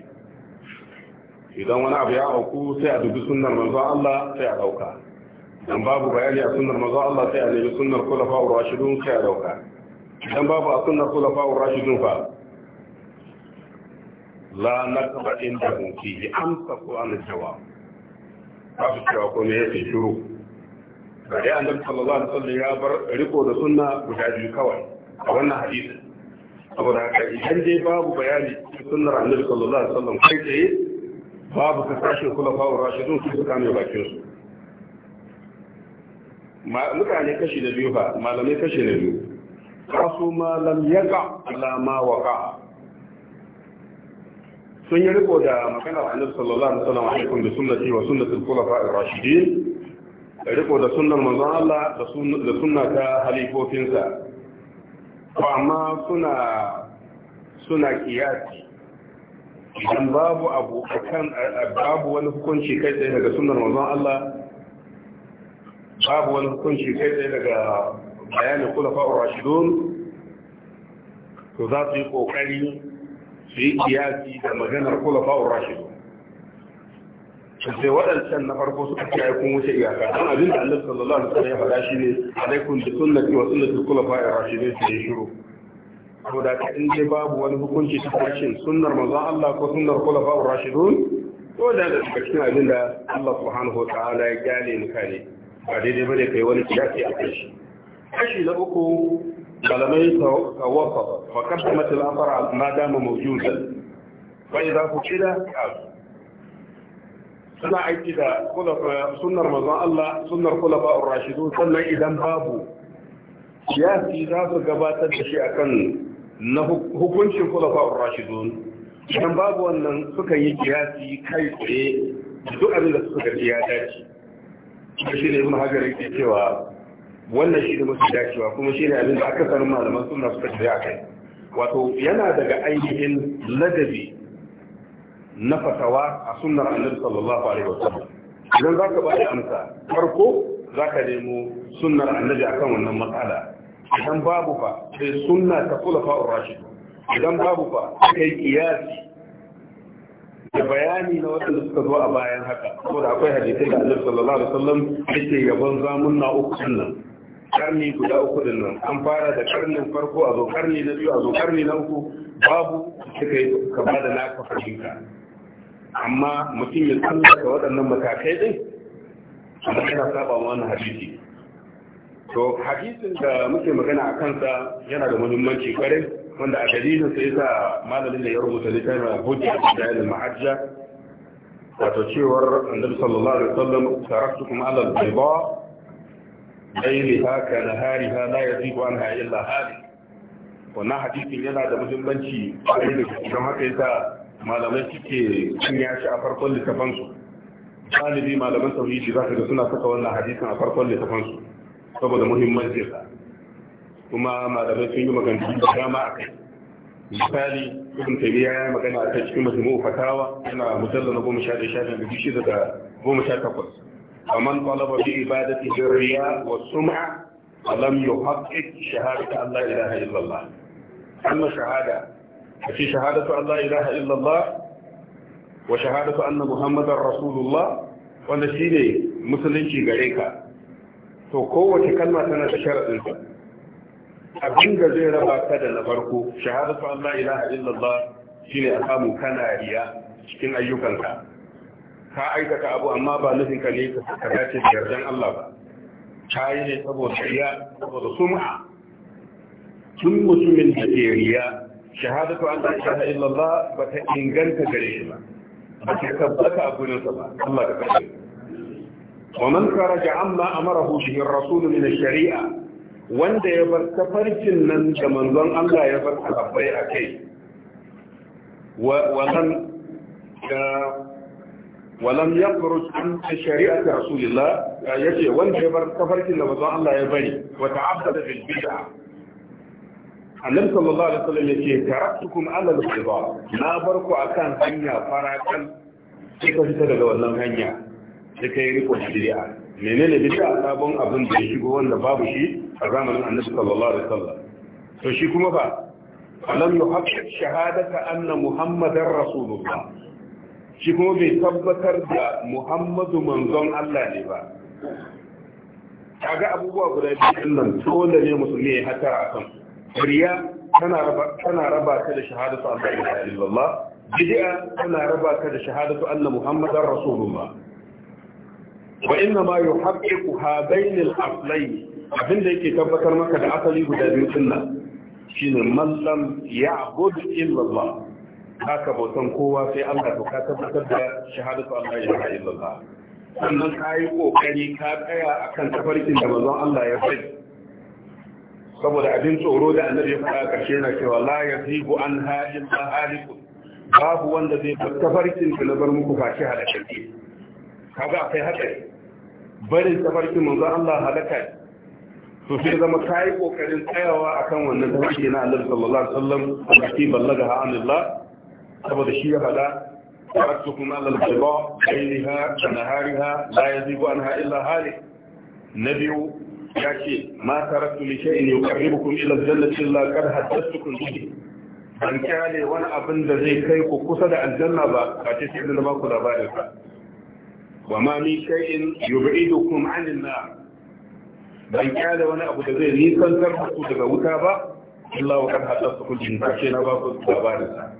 S1: idan wani abu ya auku sai a dubi sunnar manzo Allah sai a dauka dan babu bayani a sunnar manzo Allah sai a nemi sunnar "kula ar-rashidun sai a dauka dan babu a sunnar "kula ar-rashidun fa la naqba inda fihi amsa ko an jawab ba su cewa ko ne yake shuru ga dai annabi sallallahu alaihi wasallam ya bar riko da sunna guda biyu kawai a wannan hadisi saboda haka idan dai babu bayani sunnar annabi sallallahu alaihi wasallam kai tsaye babu ka tashi kula fa'ur rashidun su suka mai bakin su mutane kashi da biyu fa malamai kashi da biyu kasu malam yaga alama waka sun yi riko da maganar annabi sallallahu alaihi wasallam alaikum bi sunnati wa sunnati al-khulafa ar-rashidin riko da sunnar manzon Allah da sunna ta halifofinsa ko amma suna suna kiyasi idan babu abu akan babu wani hukunci kai tsaye daga sunnar manzon Allah babu wani hukunci kai tsaye daga bayanin khulafa'ur rashidun to za su yi kokari su yi kiyasi da maganar khulafa'ur rashid sai waɗancan na farko suka ce ai wuce iyaka don abin da Allah sallallahu alaihi wasallam ya faɗa shine alaikum bi sunnati wa sunnati al-khulafa'i ar-rashidin sai shiru to da ka in dai babu wani hukunci ta fashin sunnar manzon Allah ko sunnar khulafa'ur rashidun to da da cikin abin da Allah subhanahu wa ta'ala ya gane ni kane ba daidai bane kai wani kiyasi a kai shi kashi na uku malamai tawafa fa kaddama al-athara ma dama mawjudan fa idza fuqida suna aiki da eh, sunnar manzon Allah Kula, kulafa'ur Rashidu, sannan idan babu siyasi za su gabatar da shi a akan na hukuncin Kula, kulafa'ur Rashidu idan babu wannan suka yi siyasi kai tsaye duk abin da suka ga ya dace kuma shi ne ibn hajar yake cewa wannan shi ne mafi dacewa kuma shi ne abin da aka sanin malaman suna suka a kai wato yana daga ainihin ladabi na fatawa a sunnar annabi sallallahu alaihi wasallam idan zaka ba da amsa farko zaka nemo sunnar annabi akan wannan matsala idan babu fa sai sunna ta kulafa ar-rashid idan babu fa kai kiyasi da bayani na waɗanda suka zo a bayan haka saboda akwai hadisi da annabi sallallahu alaihi wasallam yake zamun zamunna uku nan karni guda uku din nan an fara da karnin farko a zo karni na biyu a zo karni na uku babu suka yi ka da naka fahimta amma mutum ya tsallaka waɗannan matakai ɗin amma yana saba wa wannan hadisi to hadisin da muke magana a kansa yana da muhimmanci kwarai wanda a dalilin sai sa malamin da ya rubuta littafin hujja da ilmi ma'ajiya. wato cewar annabi sallallahu alaihi wasallam taraktukum ala al-bayda hari, ka na la yazigu anha illa hadi wannan hadisin yana da muhimmanci kwarai da gaske haka yasa malamai suke sanya yashi a farkon littafansu galibi malaman tauhidi za ka ga suna saka wannan hadisin a farkon littafansu saboda muhimmancin sa kuma malamai sun yi magana da dama a kai misali ibn taymiya ya magana a kai cikin majmu'u fatawa yana mujallal na goma sha ɗaya shafin dubu shida da goma sha takwas faman talaba bi ibadati riya wa sum'a alam yuhaqqiq shahadata an la ilaha illallah kalmar shahada في شهادة أن لا إله إلا الله وشهادة أن محمدا رسول الله wanda shi musulunci gareka, ka to kowace kalma tana da sharaɗinta abin da zai raba da na farko shahadatu an la ilaha illallah shine a samu cikin ayyukanka ka aikata abu amma ba nufin ka ne ka dace da yardan Allah ba ka yi ne saboda tun mutumin da shahadatu an la ilaha illallah ba ta inganta gare shi ba ba ta tabbata a gurinsa ba Allah ka kashe amma خرج عما امره به الرسول من wanda ya bar tafarkin nan da manzon Allah ya bar sahabbai a kai walam walam ya furuj an shari'ati rasulillah yace wanda ya bar tafarkin da manzon Allah ya bari wata ta'abbada bil annabi sallallahu alaihi wasallam yace taraktukum ala al-khida na bar ku akan hanya faratan sai ka fita daga wannan hanya sai yi riko bid'a menene bid'a sabon abin da ya shigo wanda babu shi a zamanin annabi sallallahu alaihi wasallam to shi kuma fa alam yuhaqqiq shahadata anna muhammadar rasulullah shi kuma bai tabbatar da muhammadu manzon Allah ne ba kaga abubuwa guda biyu nan dole ne musulmi ya hatara a kansu riya tana raba tana raba ka da shahadatu an la ilaha illallah tana raba ka da shahadatu anna muhammadar rasulullah wa inna ma yuhaqqiquha bainal aqlayn abinda yake tabbatar maka da asali guda biyu sunna shine man lam ya'bud illallah haka bautan kowa sai Allah to ka tabbatar da shahadatu an la ilaha sannan ka yi ƙoƙari ka tsaya akan tafarkin da manzon Allah ya sani saboda abin tsoro da annabi ya faɗa ƙarshe na cewa la yazigu an ha'in ma halikun babu wanda zai tafarkin da na bar muku fashi halakaki kaga akwai haɗari barin tafarkin manzo Allah halaka to sai zama kai kokarin tsayawa akan wannan tafarki na Annabi sallallahu alaihi wasallam da shi ballaga ha Allah saboda shi ya faɗa تركتكم على البيضاء ليلها كنهارها لا يزيغ عنها إلا هالك نبي ya ce ma tarattu li shay'in yuqarribukum ila al-jannati illa qad haddathtukum bihi an kyale wani abin da zai kai ku kusa da aljanna ba ba ce sai da ba ku labarin sa wa ma min shay'in yub'idukum 'anil nar ban kyale wani abu da zai nisantar ku daga wuta ba illa wa qad haddathtukum bihi ba ce na ba ku labarin sa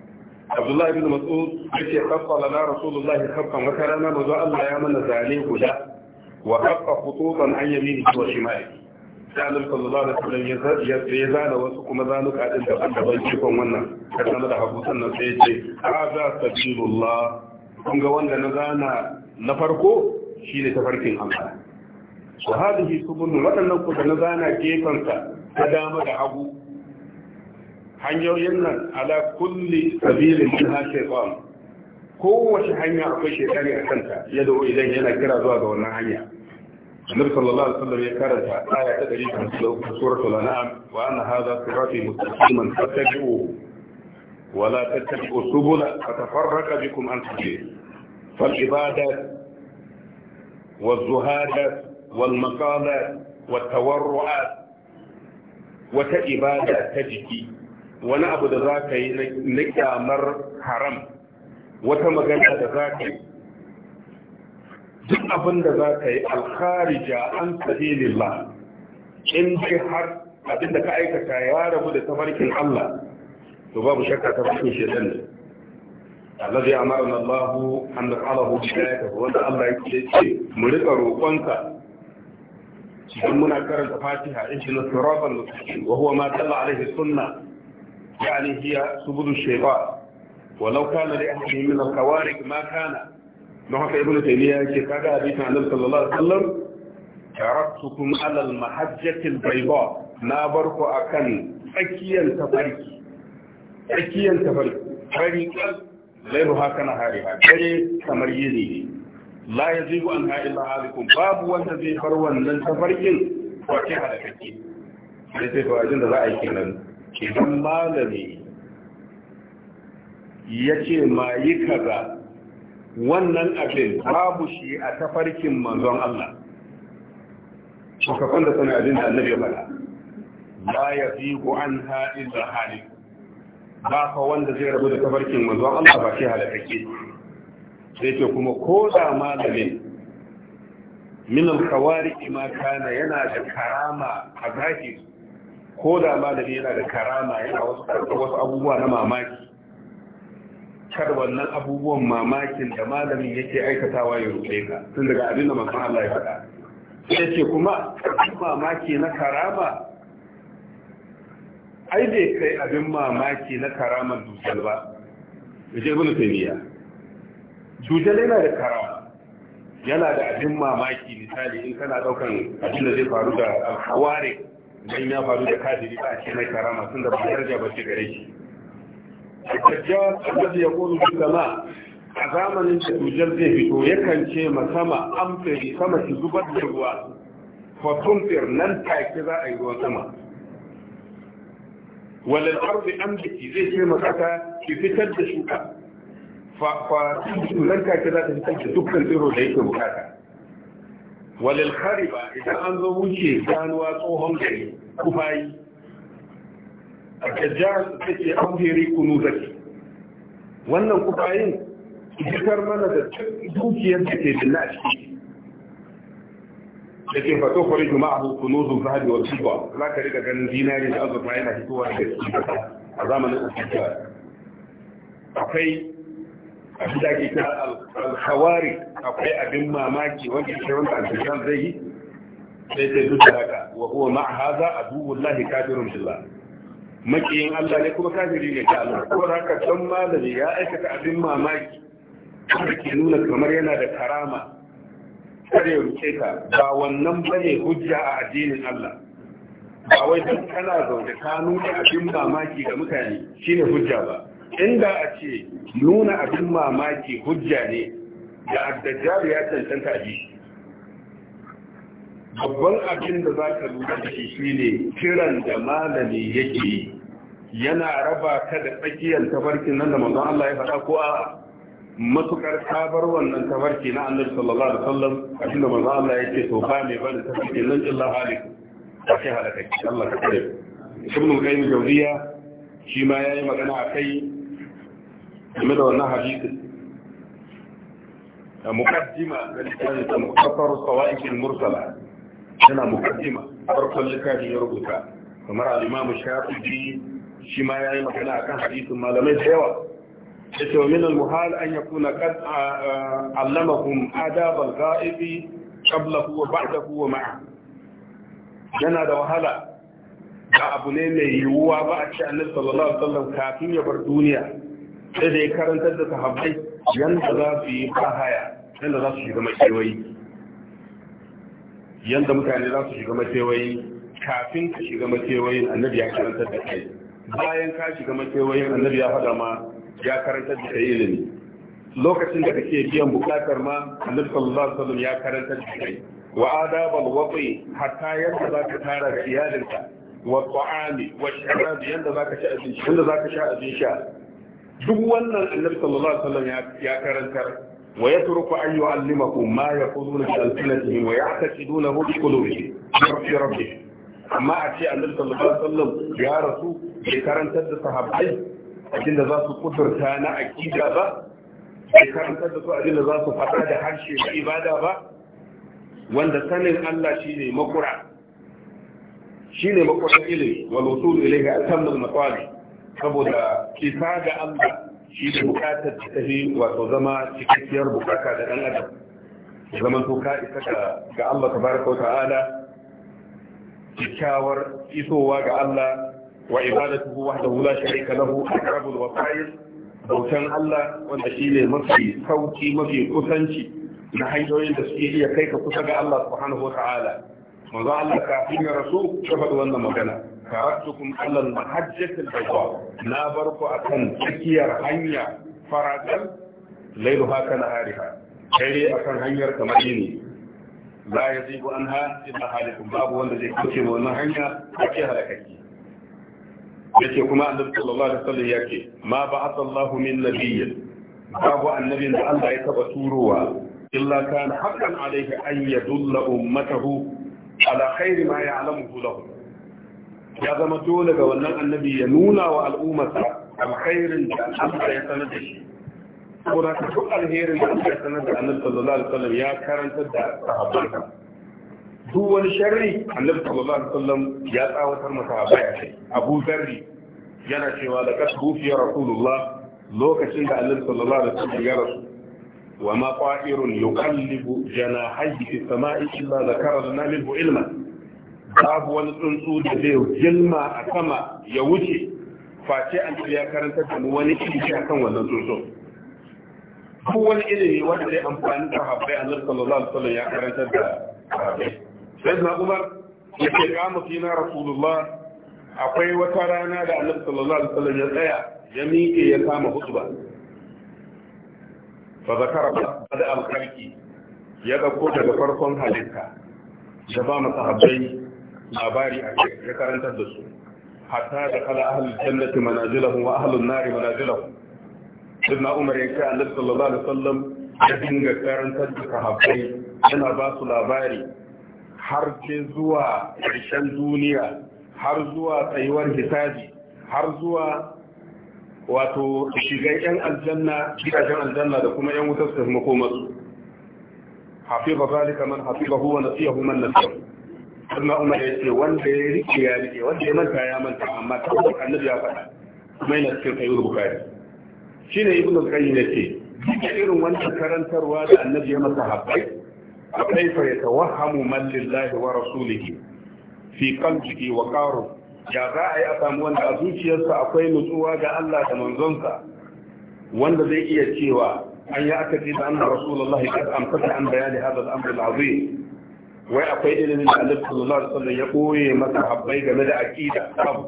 S1: Abdullah ibn Mas'ud yace khaffala na Rasulullahi khaffan wa karana mazo Allah ya mana zane guda wa haƙa kutuban an yamini wa shimali sai annabi sallallahu alaihi wasallam ya zana wasu kuma zanuka din daban-daban cikon wannan ka sanar da hagu sannan sai ya ce hadha sabilullah kun ga wanda na zana na farko shine tafarkin Allah wa hadhihi subul wadannan ku da na zana gefansa ta dama da hagu hanyoyin nan ala kulli sabilin min ha shaytan kowace hanya akwai shekari a kanta ya zo idan yana kira zuwa ga wannan hanya النبي صلى الله عليه وسلم يكرر آية تدريب عن سورة الأنعام وأن هذا صراطي مستقيما فاتبعوه ولا تتبعوا السبل فتفرق بكم عن سبيله فالعبادات والزهادات والمقالات والتورعات وتعبادة تجدي ونعبد ذاك نكامر حرم wata magana da za ka yi duk abin da za ka yi alkharija an sabilillah in dai har abin da ka aikata ya rabu da tafarkin Allah to babu shakka tafarkin shaitan ne alladhi amarna Allah an naqalahu bi ayatihi wanda Allah yake ce mu rika roƙonka idan muna karanta Fatiha in shi na siratan mustaqim wa huwa ma dalla alaihi sunna yani hiya subudu shaytan walau kana da ahli min makana. qawarik ma kana don haka ibn taymiya yake kaga hadisin annabi sallallahu alaihi wasallam taraktukum ala al-mahajjati al-bayda na barku akan tsakiyar tafarki tsakiyar tafarki fari kal lairu haka na hari ha dare kamar ne la yazigu an ha illa halikum babu wanda zai far wannan tafarkin kwace sai to ajin da za a yi kenan idan malami ya ce ma yi kaza wannan abin babu shi a tafarkin manzon Allah shakafan da suna abin da annabi bala ba ya fi ku an haɗin da hali ba fa wanda zai rabu da tafarkin manzon Allah ba shi halakake sai ce kuma ko da malamin minan kawari ima kana yana da karama a zahiri ko da malamin yana da karama yana wasu abubuwa na mamaki kar wannan abubuwan mamakin da malamin yake aikatawa ya rufe ka tun daga abin da manzon Allah ya faɗa sai ce kuma abin mamaki na karama ai bai kai abin mamaki na karaman dusal ba yaje bin taymiya dusal yana da karama yana da abin mamaki misali in kana daukan abin da zai faru da alhawari idan ya faru da kafiri ba a ce mai karama tun da ba daraja ba ce gare shi الدجال الذي يقول في السماء a zamanin da dujar zai fito yakan ce ma sama amfiri sama ki zubar da ruwa fatumfir nan take za a yi ruwan sama walal arzi amdiki zai ce ma kasa ki fitar da shuka fa nan take za ta fitar da dukkan tsiro da yake bukata walal idan an zo wuce ganuwa tsohon gari الدجال تكي أظهري كنوزك wannan kubayin fitar mana da dukiyar da ke da lashi da ke fato kwarin juma'ahu kunuzun zahabi wa za ka riga ganin zinari da azurfa yana fitowa da gaske a zamanin asibiya akwai abin da ke akwai abin mamaki wanda ke wanda asibiya zai yi sai sai duk da haka wa kuwa ma'a kafirun billah makiyin Allah ne kuma kafiri ne ta Allah ko haka dan malami ya aikata abin mamaki da ke nuna kamar yana da karama kare ruce ka ba wannan bane hujja a addinin Allah ba wai duk kana zaune ka nuna abin mamaki ga mutane shine hujja ba inda a ce nuna abin mamaki hujja ne da addajjal ya tantanta a babban abin da za ka lura da shi shine kiran da malami yake yi yana raba ka da tsakiyar tabarki nan da manzon Allah ya faɗa ko a matukar kabar wannan tabarki na annabi sallallahu alaihi wasallam abinda manzon Allah ya ce to ba mai bani tafarkin nan illa halik ta ce halaka Allah ka kare ibn qayyim jawziya shi ma yayi magana akai game da wannan hadisi مقدمة للكتاب مختصر الصوائف المرسلة yana mukaddima farkon littafin ya rubuta kamar al-imam shafi'i shi ma yayi magana akan hadisin malamai da yawa yace wa min al-muhal an yakuna qad allamahum adab al-ghaibi qablahu wa ba'dahu wa ma'a yana da wahala da abu ne mai yiwuwa ba a ci annabi sallallahu alaihi wasallam kafin ya bar duniya sai da ya karantar da sahabbai yanda za su yi bahaya yanda za su shiga makewayi yanda mutane za su shiga makewayi kafin ka shiga makewayin annabi ya karantar da kai bayan ka shiga makewayin annabi ya faɗa ma ya karantar da kai ilimi lokacin da kake biyan bukatar ma annabi sallallahu alaihi wasallam ya karantar da kai wa adabal waqi hatta yadda za ka tara da iyalinka wa ta'ami wa sharab Yadda za ka ci abinci yadda za ka sha abin sha duk wannan annabi sallallahu alaihi wasallam ya karantar ويترك أن يعلمكم ما يقولون بألسنتهم ويعتقدونه بقلوبهم في ربهم amma a ce annabi sallallahu alaihi wasallam ya rasu bai karantar da sahabbai abin da za su kudurta na akida ba bai karantar da su abin da za su fada da harshe da ibada ba wanda sanin Allah shine makura shine makuran ilimi wal saboda kisa ga Allah shi ne bukatar da ta fi wato zama cikakkiyar bukata da ɗan adam zaman to ka isa ga Allah ta baraka wa ta'ala isowa ga Allah wa ibadatuhu wahdahu la sharika lahu aqrabul wasail bautan Allah wanda shi ne mafi sauki mafi kusanci na hanyoyin da suke iya kai ka kusa ga Allah subhanahu wa ta'ala manzo Allah kafin ya rasu ya faɗi wannan magana taraktukum alal mahajjatil bayda na barku akan tsakiyar hanya faragal lailu haka na hariha dare akan hanyar kamar yini la yazibu anha illa halikun babu wanda zai kauce ba wannan hanya ake halakaki yace kuma annabi sallallahu alaihi wasallam yake ma ba'atha Allahu min nabiyyin babu annabin da Allah ya taba turowa illa kana haqqan alaihi an yadulla ummatahu ala khairi ma ya'lamuhu lahum ya zama dole ga wannan annabi ya nuna wa al'ummarsa alkhairin da Allah ya sanar da shi Kuma ka duk alherin da Allah ya sanar da annabi sallallahu alaihi wasallam ya karantar da sahabbansa duk wani sharri annabi sallallahu alaihi wasallam ya tsawatar masa sahabbai a kai Abu Zarri yana cewa da kasbufiya Rasulullah lokacin da annabi sallallahu alaihi wasallam ya rasu ma طائر يقلب جناحيه في السماء إلا ذكر لنا منه علما babu wani tsuntsu da zai gilma a sama ya wuce face an ya karanta da wani ilimi akan wannan tsuntsu ko wani ilimi wanda zai amfani da habbai annabi sallallahu alaihi wasallam ya karanta da habbai sai na umar ya ce kama fina rasulullah akwai wata rana da annabi sallallahu alaihi wasallam ya tsaya ya miƙe ya kama hutuba fa zakara ba da alkhalqi ya dauko daga farkon halitta da ba mu masahabbai labari a kai ya karantar da su hatta da kala ahlul jannati manazilahum wa ahlun nari manazilahum sayyidina umar ya ce annabi sallallahu alaihi wasallam ya dinga karantar da sahabbai yana ba su labari har ce zuwa ƙarshen duniya har zuwa tsayuwar hisabi har zuwa wato shigan yan aljanna gidajen aljanna da kuma yan wutar su makomarsu hafiza zalika man hafizahu wa nasiyahu man nasiyahu kuma umar ya ce wanda ya rike ya rike wanda ya manta ya manta amma ta wani annabi ya faɗa kuma yana cikin sayyid bukari shine ibnu qayyim yace duka irin wanda karantarwa da annabi ya masa habbai akwai fa yatawahhamu man lillahi wa rasulihi fi qalbihi wa qaru ya za a yi a samu wanda a zuciyarsa akwai nutsuwa ga Allah da manzonsa wanda zai iya cewa an yi aka da anna rasulullahi kad amsaka an bayani hadha al-amr al-azim wai akwai ilimin da annabi sallallahu alaihi wasallam ya koye masa habbai game da aqida abu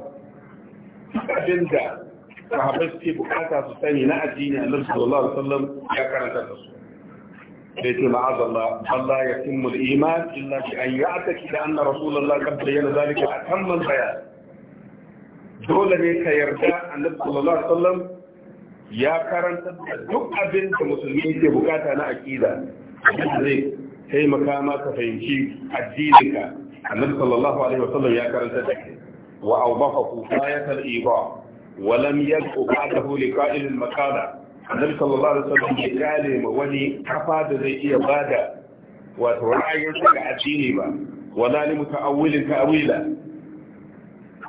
S1: abin da sahabbai suke bukata su sani na addini annabi sallallahu alaihi wasallam ya karanta da su sai ce ma'azallah Allah ya timmu al-iman illa bi an ya'taki da anna rasulullah qad bayyana zalika atamman bayan dole ne ka yarda annabi sallallahu alaihi wasallam ya karanta da duk abin da musulmi ke bukata na aqida zai taimaka ma ka fahimci addininka annabi sallallahu alaihi wa sallam ya karanta da ke wa awdafahu ayatul iba wa lam yad'u ba'dahu liqa'il al-maqala annabi sallallahu alaihi wa sallam ya kale ma wani kafa da zai iya bada wato ra'ayinsa ga addini ba wala li muta'awwilin ta'wila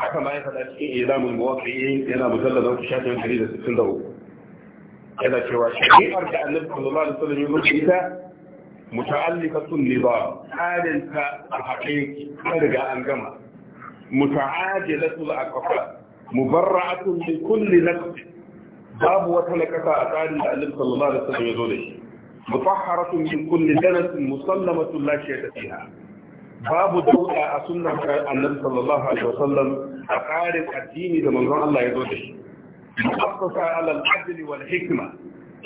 S1: haka ma ya faɗa cikin ilamul muwaqqi'in yana mujallad 163 yana cewa shari'ar da annabi sallallahu alaihi wa sallam ya ita? muta'alliqatun nizam halin ta a haƙe an riga an gama muta'ajilatul aqfa mubarra'atun min kulli naqs babu wata nakasa a tsarin da Annabi sallallahu alaihi wasallam ya zo da shi mutahharatun min kulli danatin musallamatun la shay'a fiha babu dauda a sunnar Annabi sallallahu alaihi wasallam tsarin addini da manzon Allah ya zo da shi wal hikima.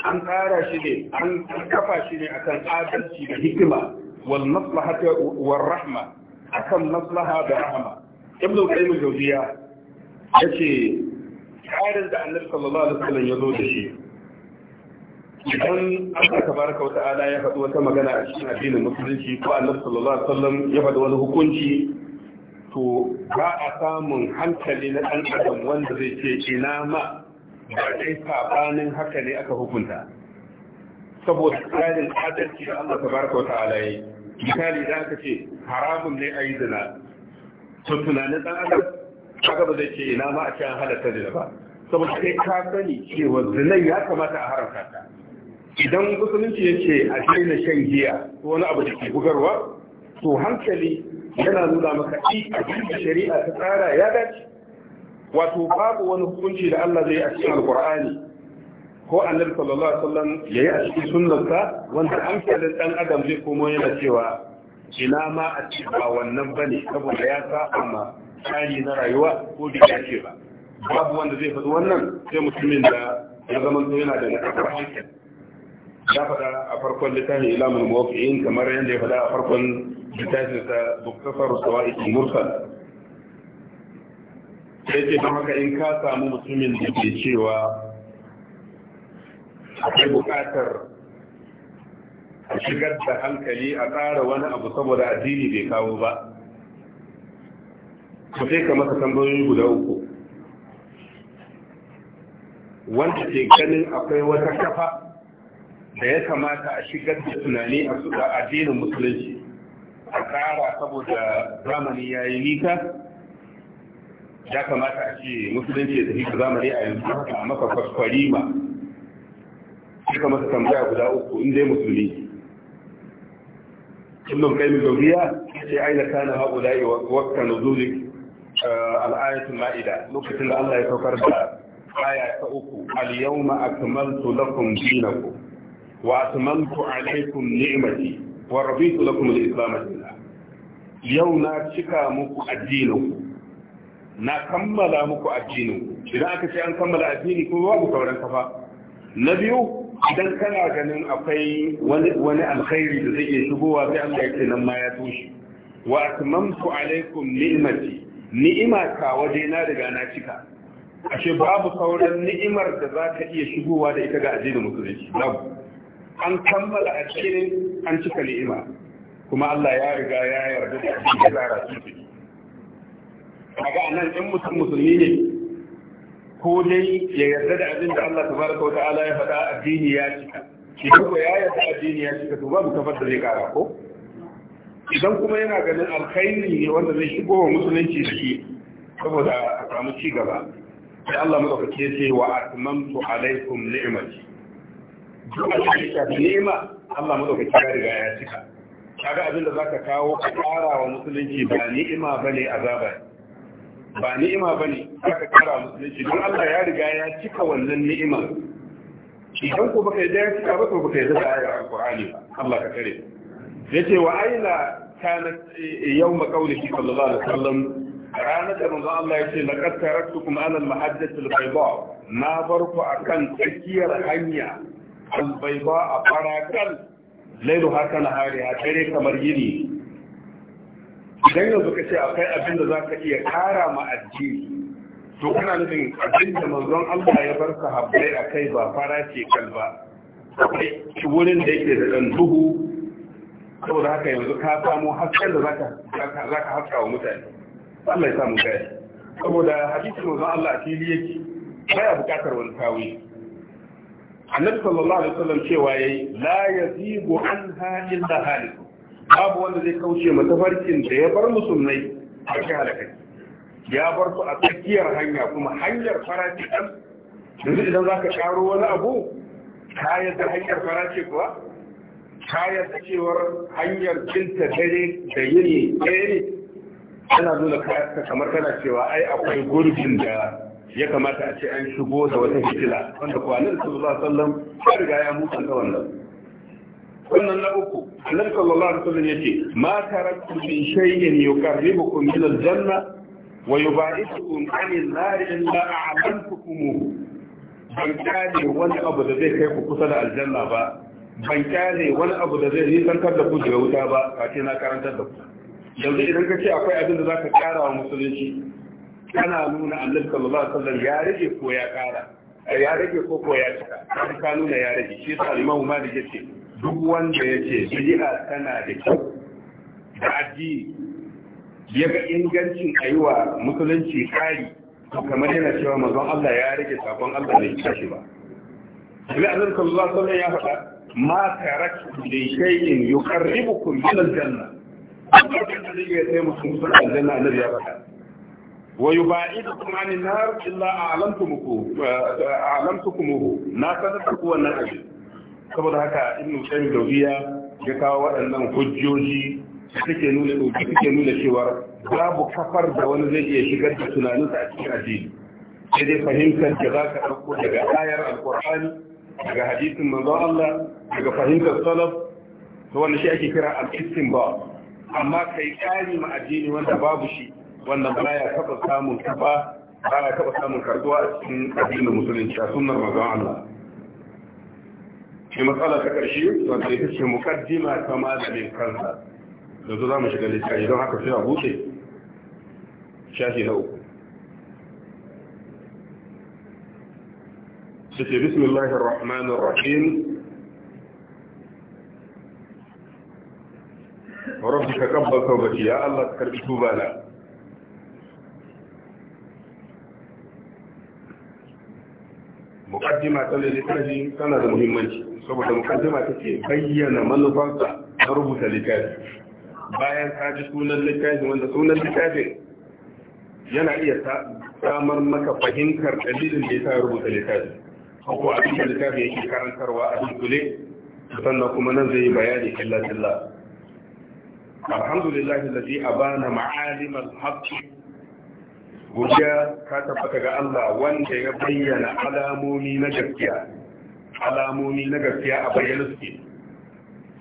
S1: an tsara shi ne an kafa shi ne akan adalci da hikima wal maslahata war rahma akan maslaha da rahama. ibnu qayyim al-jawziya yace tsarin da annabi sallallahu alaihi wasallam ya zo da shi idan Allah tabaraka wa ta'ala ya faɗi wata magana a cikin addinin musulunci ko annabi sallallahu alaihi wasallam ya faɗi wani hukunci to ba a samun hankali na ɗan adam wanda zai ce ina ma da dai sabanin haka ne aka hukunta saboda tsarin adalci da Allah ta wa ta'ala yayi misali da aka ce haramun ne a yi zina to tunanin dan adam haka ba zai ce ina ma a cikin halatta zina ba saboda kai ka sani cewa zinan ya kamata a haramta ta idan musulunci ya ce a daina shan giya ko wani abu da ke bugarwa to hankali yana nuna maka i a cikin shari'a ta tsara ya dace wato babu wani hukunci da Allah zai yi a cikin alkur'ani ko annabi sallallahu alaihi wasallam yayi a cikin sunnarsa wanda amsalin dan adam zai komo yana cewa ina ma a ce ba wannan bane saboda ya sa amma tsari na rayuwa ko da ya ce ba babu wanda zai faɗi wannan sai mutumin da ya zama to yana da nakasar ya faɗa a farkon littafin ilamul muwaqqi'in kamar yadda ya faɗa a farkon littafin sa muktasar sawa'iq mursal sai ce don haka in ka samu mutumin da ke cewa akwai bukatar a shigar da hankali a tsara wani abu saboda addini bai kawo ba ku sai ka masa tambayoyi guda uku wanda ke ganin akwai wata kafa da ya kamata a shigar da tunani a addinin musulunci a tsara saboda zamani ya yi ya kamata a ce musulunci ya tafi ka zamani a yanzu a maka kwaskwari ma sai ka tambaya guda uku in dai musulmi kullum kai mu gauriya sai aina kana da yi wakka nuzuli eh, al'ayatul ma'ida lokacin da Allah ya saukar da aya ta uku al-yawma akmaltu lakum dinakum wa atmamtu alaykum ni'mati wa raditu lakum da islam dinan yau na cika muku addininku na kammala muku addini idan aka ce an kammala addini kuma babu sauran kafa na biyu idan kana ganin akwai wani alkhairi da zai iya shigowa sai Allah ya ce nan ma ya toshe wa atmamtu alaikum ni'mati ni'ima ka waje na daga na cika ashe babu sauran ni'imar da za ka iya shigowa da ita ga addinin musulunci babu an kammala addini an cika ni'ima kuma Allah ya riga ya yarda da addinin da za kaga anan in mutum musulmi ne ko dai ya yarda da abin da Allah tabaraka wa ta'ala ya faɗa addini ya cika shi ko ya yarda addini ya cika to babu kafar da zai kara ko idan kuma yana ganin alkhairi ne wanda zai shigo wa musulunci da shi saboda a samu ci gaba sai Allah madaukake ya ce wa atmamtu alaikum ni'mati duk da cikin ni'ima Allah madaukake ya riga ya cika kaga abin da zaka kawo ka kara wa musulunci ba ni'ima bane azaba ba ni'ima ba ne aka kara musulunci don Allah ya riga ya cika wannan ni'imar idan ko baka yarda ya cika ba ko baka yarda da ayar alqur'ani ba Allah ka kare yace wa aina kana yawm qawlihi sallallahu alaihi wasallam ranar da manzo Allah ya yace laqad taraktukum ala al-mahajjati al-bayda na bar barku akan tsakiyar hanya al-bayda a farakan lailu haka na hari dare kamar yini idan yanzu ka ce akwai abin da za ka iya kara ma addini to kana nufin abin da manzon Allah ya bar sahabbai a kai ba fara ce kalba akwai wurin da yake da ɗan duhu saboda haka yanzu ka samu hasken da za ka haska wa mutane Allah ya samu gaya saboda hadisi manzon Allah a fili yake baya bukatar wani kawai annabi sallallahu alaihi wasallam cewa yayi la yazigu anha illa halikum babu wanda zai kauce mata farkin da ya bar musulmai a shi halakai ya bar su a tsakiyar hanya kuma hanyar farashi ɗan yanzu idan za ka wani abu ka yadda hanyar farashi kuwa ka yadda cewar hanyar cinta dare da yini ɗaya ne ana nuna kamar kana cewa ai akwai gurbin da ya kamata a ce an shigo da wata fitila wanda kwanan sallallahu alaihi wasallam ya riga ya mutunta wannan wannan na uku annabi sallallahu alaihi wasallam yace ma taraktu min shay'in yuqarribukum ila al-janna wa yubaidukum an an-nar illa a'amantukum ban kyale wani abu da zai kai ku kusa da aljanna ba ban kyale wani abu da zai nisantar da ku daga wuta ba ba ce na karantar da ku yanzu idan ka ce akwai abin da za ka kara wa musulunci kana nuna annabi sallallahu alaihi wasallam ya rage ko ya kara ya rage ko ko ya cika ka nuna ya rage shi sa imamu malik yace duk wanda ya ce bid'a tana da kyau da addini ya ga ingancin a yi musulunci kari to kamar yana cewa mazan Allah ya rage sakon Allah bai tashi ba. Nabi Azar Sallallahu Alaihi ya faɗa ma taraktu li shay'in yuqarribukum min al-janna. Abin da zai kai mutum sun aljanna Annabi ya faɗa. Wa yubaidukum an an-nar illa a'lamtumuhu a'lamtukumuhu na sanar da ku wannan abin. saboda haka ibn qayyim dawiya ya kawo waɗannan hujjoji suke nuna suke nuna cewa babu kafar da wani zai iya shigar da tunaninsa a cikin addini sai dai fahimtar da za ka ɗauko daga ayar alkur'ani daga hadisin manzon Allah daga fahimtar salaf to wanda shi ake kira al-istinba amma kai tsari ma addini wanda babu shi wannan ba ya taɓa samun kafa ba ya taɓa samun karɓuwa a cikin addinin musulunci a sunnar manzon Allah مسألة كأشياء وتعرف في مقدمة كما من كذا لو تلا مش قال لك أيضا هك في أبو سي شاهي هو بسم الله الرحمن الرحيم رب تقبل توبتي يا الله تكرم توبانا مقدمة للإخراج كانت مهمة جدا saboda mukaddima take bayyana manufarsa na rubuta littafi bayan ta ji sunan littafi wanda sunan littafin yana iya samar maka fahimtar dalilin da ya sa rubuta littafi ko abin da littafi yake karantarwa a dunkule sannan kuma nan zai yi bayani illa illa alhamdulillah alladhi abana ma'alim al-haqq godiya ka tabbata ga Allah wanda ya bayyana alamomi na gaskiya alamomi na gaskiya a bayyana suke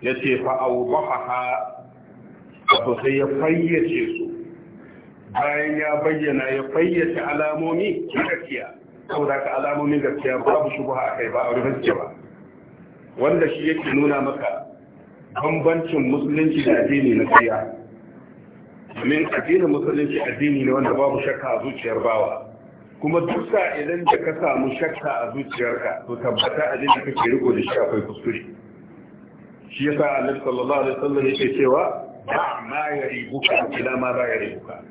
S1: ya ce fa'au baha wato sai ya fayyace su bayan ya bayyana ya fayyace alamomi na gaskiya da ka alamomin gaskiya babu ba a kai ba a rufe ba wanda shi yake nuna maka bambancin musulunci da addini na kariya domin addinin musulunci addini ne wanda babu shakka a zuciyar bawa kuma duk idan da ka samu shakka a zuciyarka to tabbata jini ka kake riko da shi akwai kuskure shi yasa annabi sallallahu alaihi wasallam yake cewa da ma yaribuka ila ma la yaribuka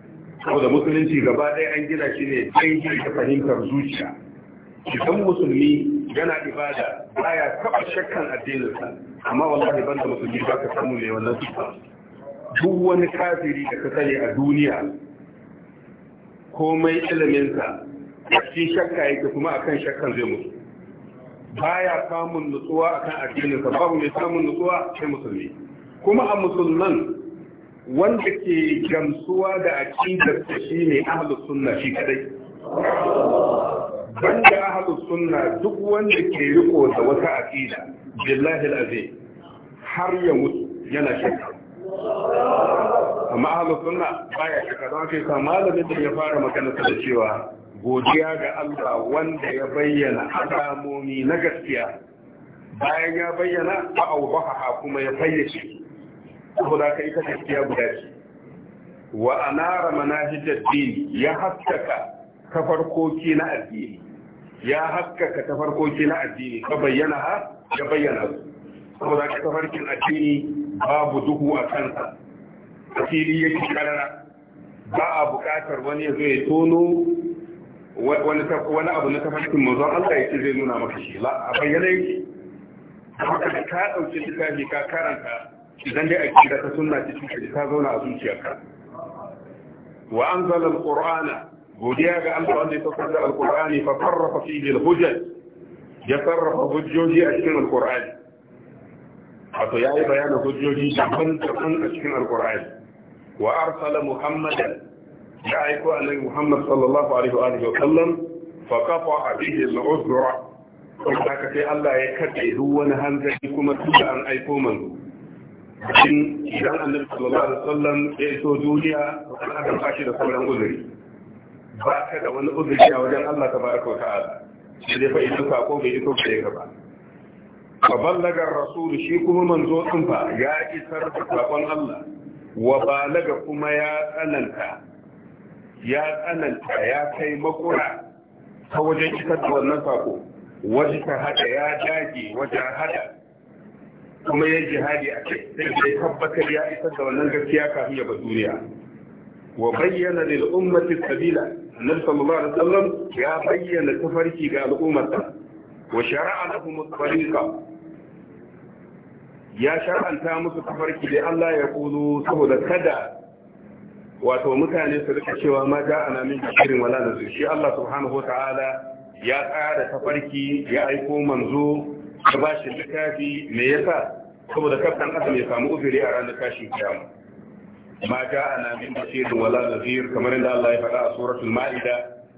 S1: saboda musulunci gaba ɗaya an gina shi ne daidai da fahimtar zuciya idan musulmi yana ibada baya taba shakkan addininsa amma wallahi ban da musulmi ba ka samu ne wannan sifa duk wani kafiri da ka sani a duniya komai iliminsa shi shakka yake kuma akan shakkan zai mutu baya samun nutsuwa akan addinin sa babu mai samun nutsuwa sai musulmi kuma a musulman wanda ke gamsuwa da aqidar sa shine ahlus sunna shi kadai banda ahlus sunna duk wanda ke riko da wata aqida billahi alazim har ya mutu yana shakka
S2: amma ahlus sunna baya shakka don kai sa malamin da ya fara magana da cewa
S1: godiya ga Allah wanda ya bayyana alamomi na gaskiya bayan ya bayyana ba a kuma ya fayyace saboda ka ita gaskiya guda ce wa anara manahijad din ya haskaka farkoki na addini ya haskaka farkoki na addini ka bayyana ha ya bayyana su saboda ka farkin addini babu duhu a kansa asiri yake karara ba a buƙatar wani ya zo ya tono wani abu na tafarkin manzon Allah ya ce zai nuna maka shi la a bayyana yake haka da ka dauki littafi ka karanta idan dai a da ta sunna ce cikin ta zauna a zuciyarka wa anzala alqur'ana godiya ga Allah wanda ya saukar da alqur'ani fa farrafa fihi alhujaj ya sarrafa hujjoji a cikin alqur'ani wato yayi bayanin hujjoji daban-daban a cikin alqur'ani wa arsala muhammadan ya aiko alai muhammad sallallahu alaihi wa sallam fa qafa bihi al-uzra haka sai Allah ya kaɗe duk wani hanzari kuma tunda an aiko manzo shin idan annabi sallallahu alaihi wa wasallam ya iso duniya an aka fashi da sauran uzuri ba ka da wani uzuri a wajen Allah tabaraka wa ta'ala sai dai fa idan ko bai iso ba ya gaba fa ballaga rasul shi kuma manzo din fa ya isar da sakon Allah wa balaga kuma ya tsananta ya tsananta ya kai makura ta wajen isar da wannan sako wajen ta hada ya dage wajen hada kuma ya jihadi a kai sai da tabbatar ya isar da wannan gaskiya kafin ya ba duniya wa bayyana lil ummati sabila nabi sallallahu alaihi wasallam ya bayyana tafarki ga al'ummarsa wa shar'a lahum tariqa ya shar'anta musu tafarki da Allah ya kulu saboda kada wato mutane su rika cewa ma ja ana min kirin wala nasu shi Allah subhanahu wataala ya tsara tafarki ya aiko manzo ya ba shi littafi me yasa saboda kaftan adam ya samu uzuri a ranar tashin kiyama ma ja ana min kirin wala nasu kamar inda Allah ya faɗa a suratul ma'ida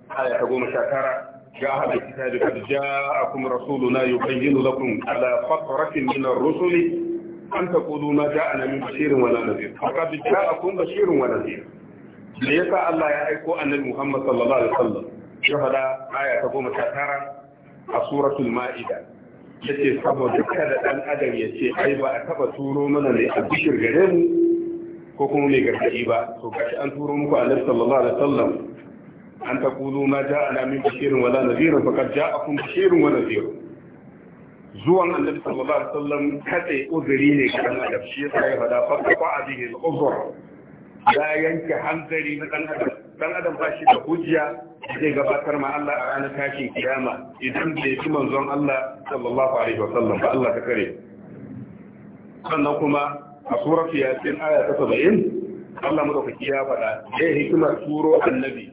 S1: aya ta goma sha tara يا أهل الكتاب قد جاءكم رسولنا يبين لكم على فترة من الرسل an taqulu ma ja'ana min bashirin wala nadhir faqad ja'akum bashirun wala nadhir me yasa Allah ya aiko annabi Muhammad sallallahu alaihi wasallam ya fada aya ta goma tara a suratul ma'ida yace saboda kada dan adam ya ce ai ba a taba turo mana ne a bishir gare mu ko kuma mai gargadi ba to gashi an turo muku annabi sallallahu alaihi wasallam an taqulu ma ja'ana min bashirin wala nadhir faqad ja'akum bashirun wala nadhir zuwan annabi sallallahu alaihi wasallam katse uzuri ne ga dan adam shi yasa ya fada fa qa'a bihi al-uzr ya yanke hanzari na dan adam dan adam ba shi da hujja zai gabatar ma Allah a ranar tashin kiyama idan bai ji manzon Allah sallallahu alaihi wasallam ba Allah ta kare sannan kuma a suratu yasin aya ta 70 Allah madaukaki ya fada ya hikimar turo annabi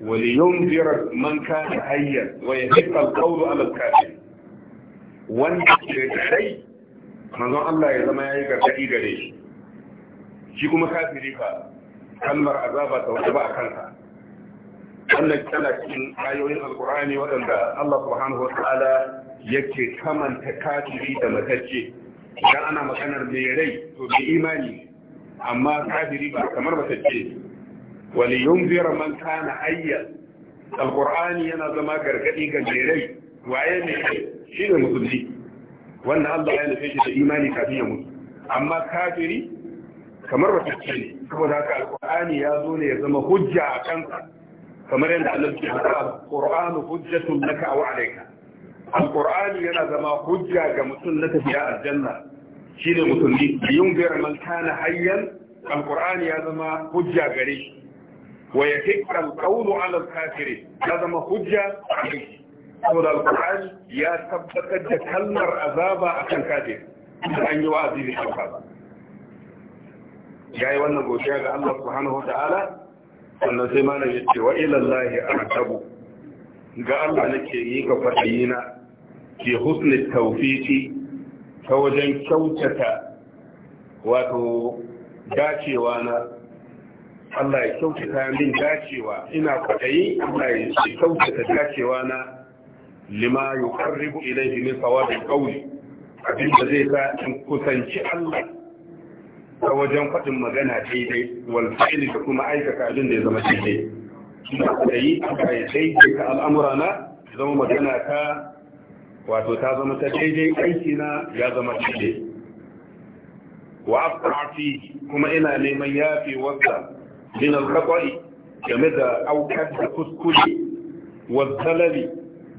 S1: ولينذر من كان حيا ويحق القول على الكافر wanda ke da rai manzon Allah ya zama yayi gargadi gare shi shi kuma kafiri fa kalmar azaba ta wata ba a wannan tana cikin ayoyin alkur'ani waɗanda Allah subhanahu wataala yake kamanta kafiri da matacce idan ana maganar mai rai to bi imani amma kafiri ba kamar matacce wani yunzira man kana hayya alkur'ani yana zama gargaɗi ga mai rai waye shi ne musulmi wannan Allah ya nufe shi da imani kafin ya mutu amma kafiri kamar rafacce ne saboda haka alkur'ani ya zo ne ya zama hujja a kanka kamar yadda Allah ke faɗa alkur'anu hujjatun laka aw alayka alkur'ani yana zama hujja ga mutum na tafiya aljanna ne musulmi yin yunzir man kana hayyan alkur'ani ya zama hujja gare shi wa yahiqqa alqawlu ala kafiri? ya zama hujja gare shi saboda alkur'ani ya tabbatar da kallar azaba a kan kaje da an yi wa azizi alfaba ya yi wannan godiya ga Allah subhanahu wa ta'ala sannan sai ma ya ce wa ilallahi artabu ga Allah nake yi ka ga na. ke husni tawfiqi ta wajen kyautata wato dacewa na Allah ya kyautata min dacewa ina kwaɗayi Allah ya kyautata dacewa na lima yuqarribu ilayhi min sawabil qawli abin da zai sa in kusanci Allah ta wajen faɗin magana daidai wal da kuma aikata abin da ya zama daidai ina tsayi a ya daidaita al'amura na zama magana ta wato ta zama ta daidai aiki na ya zama daidai wa afqa kuma ina neman yafi wasa min al game da aukar da kuskure wa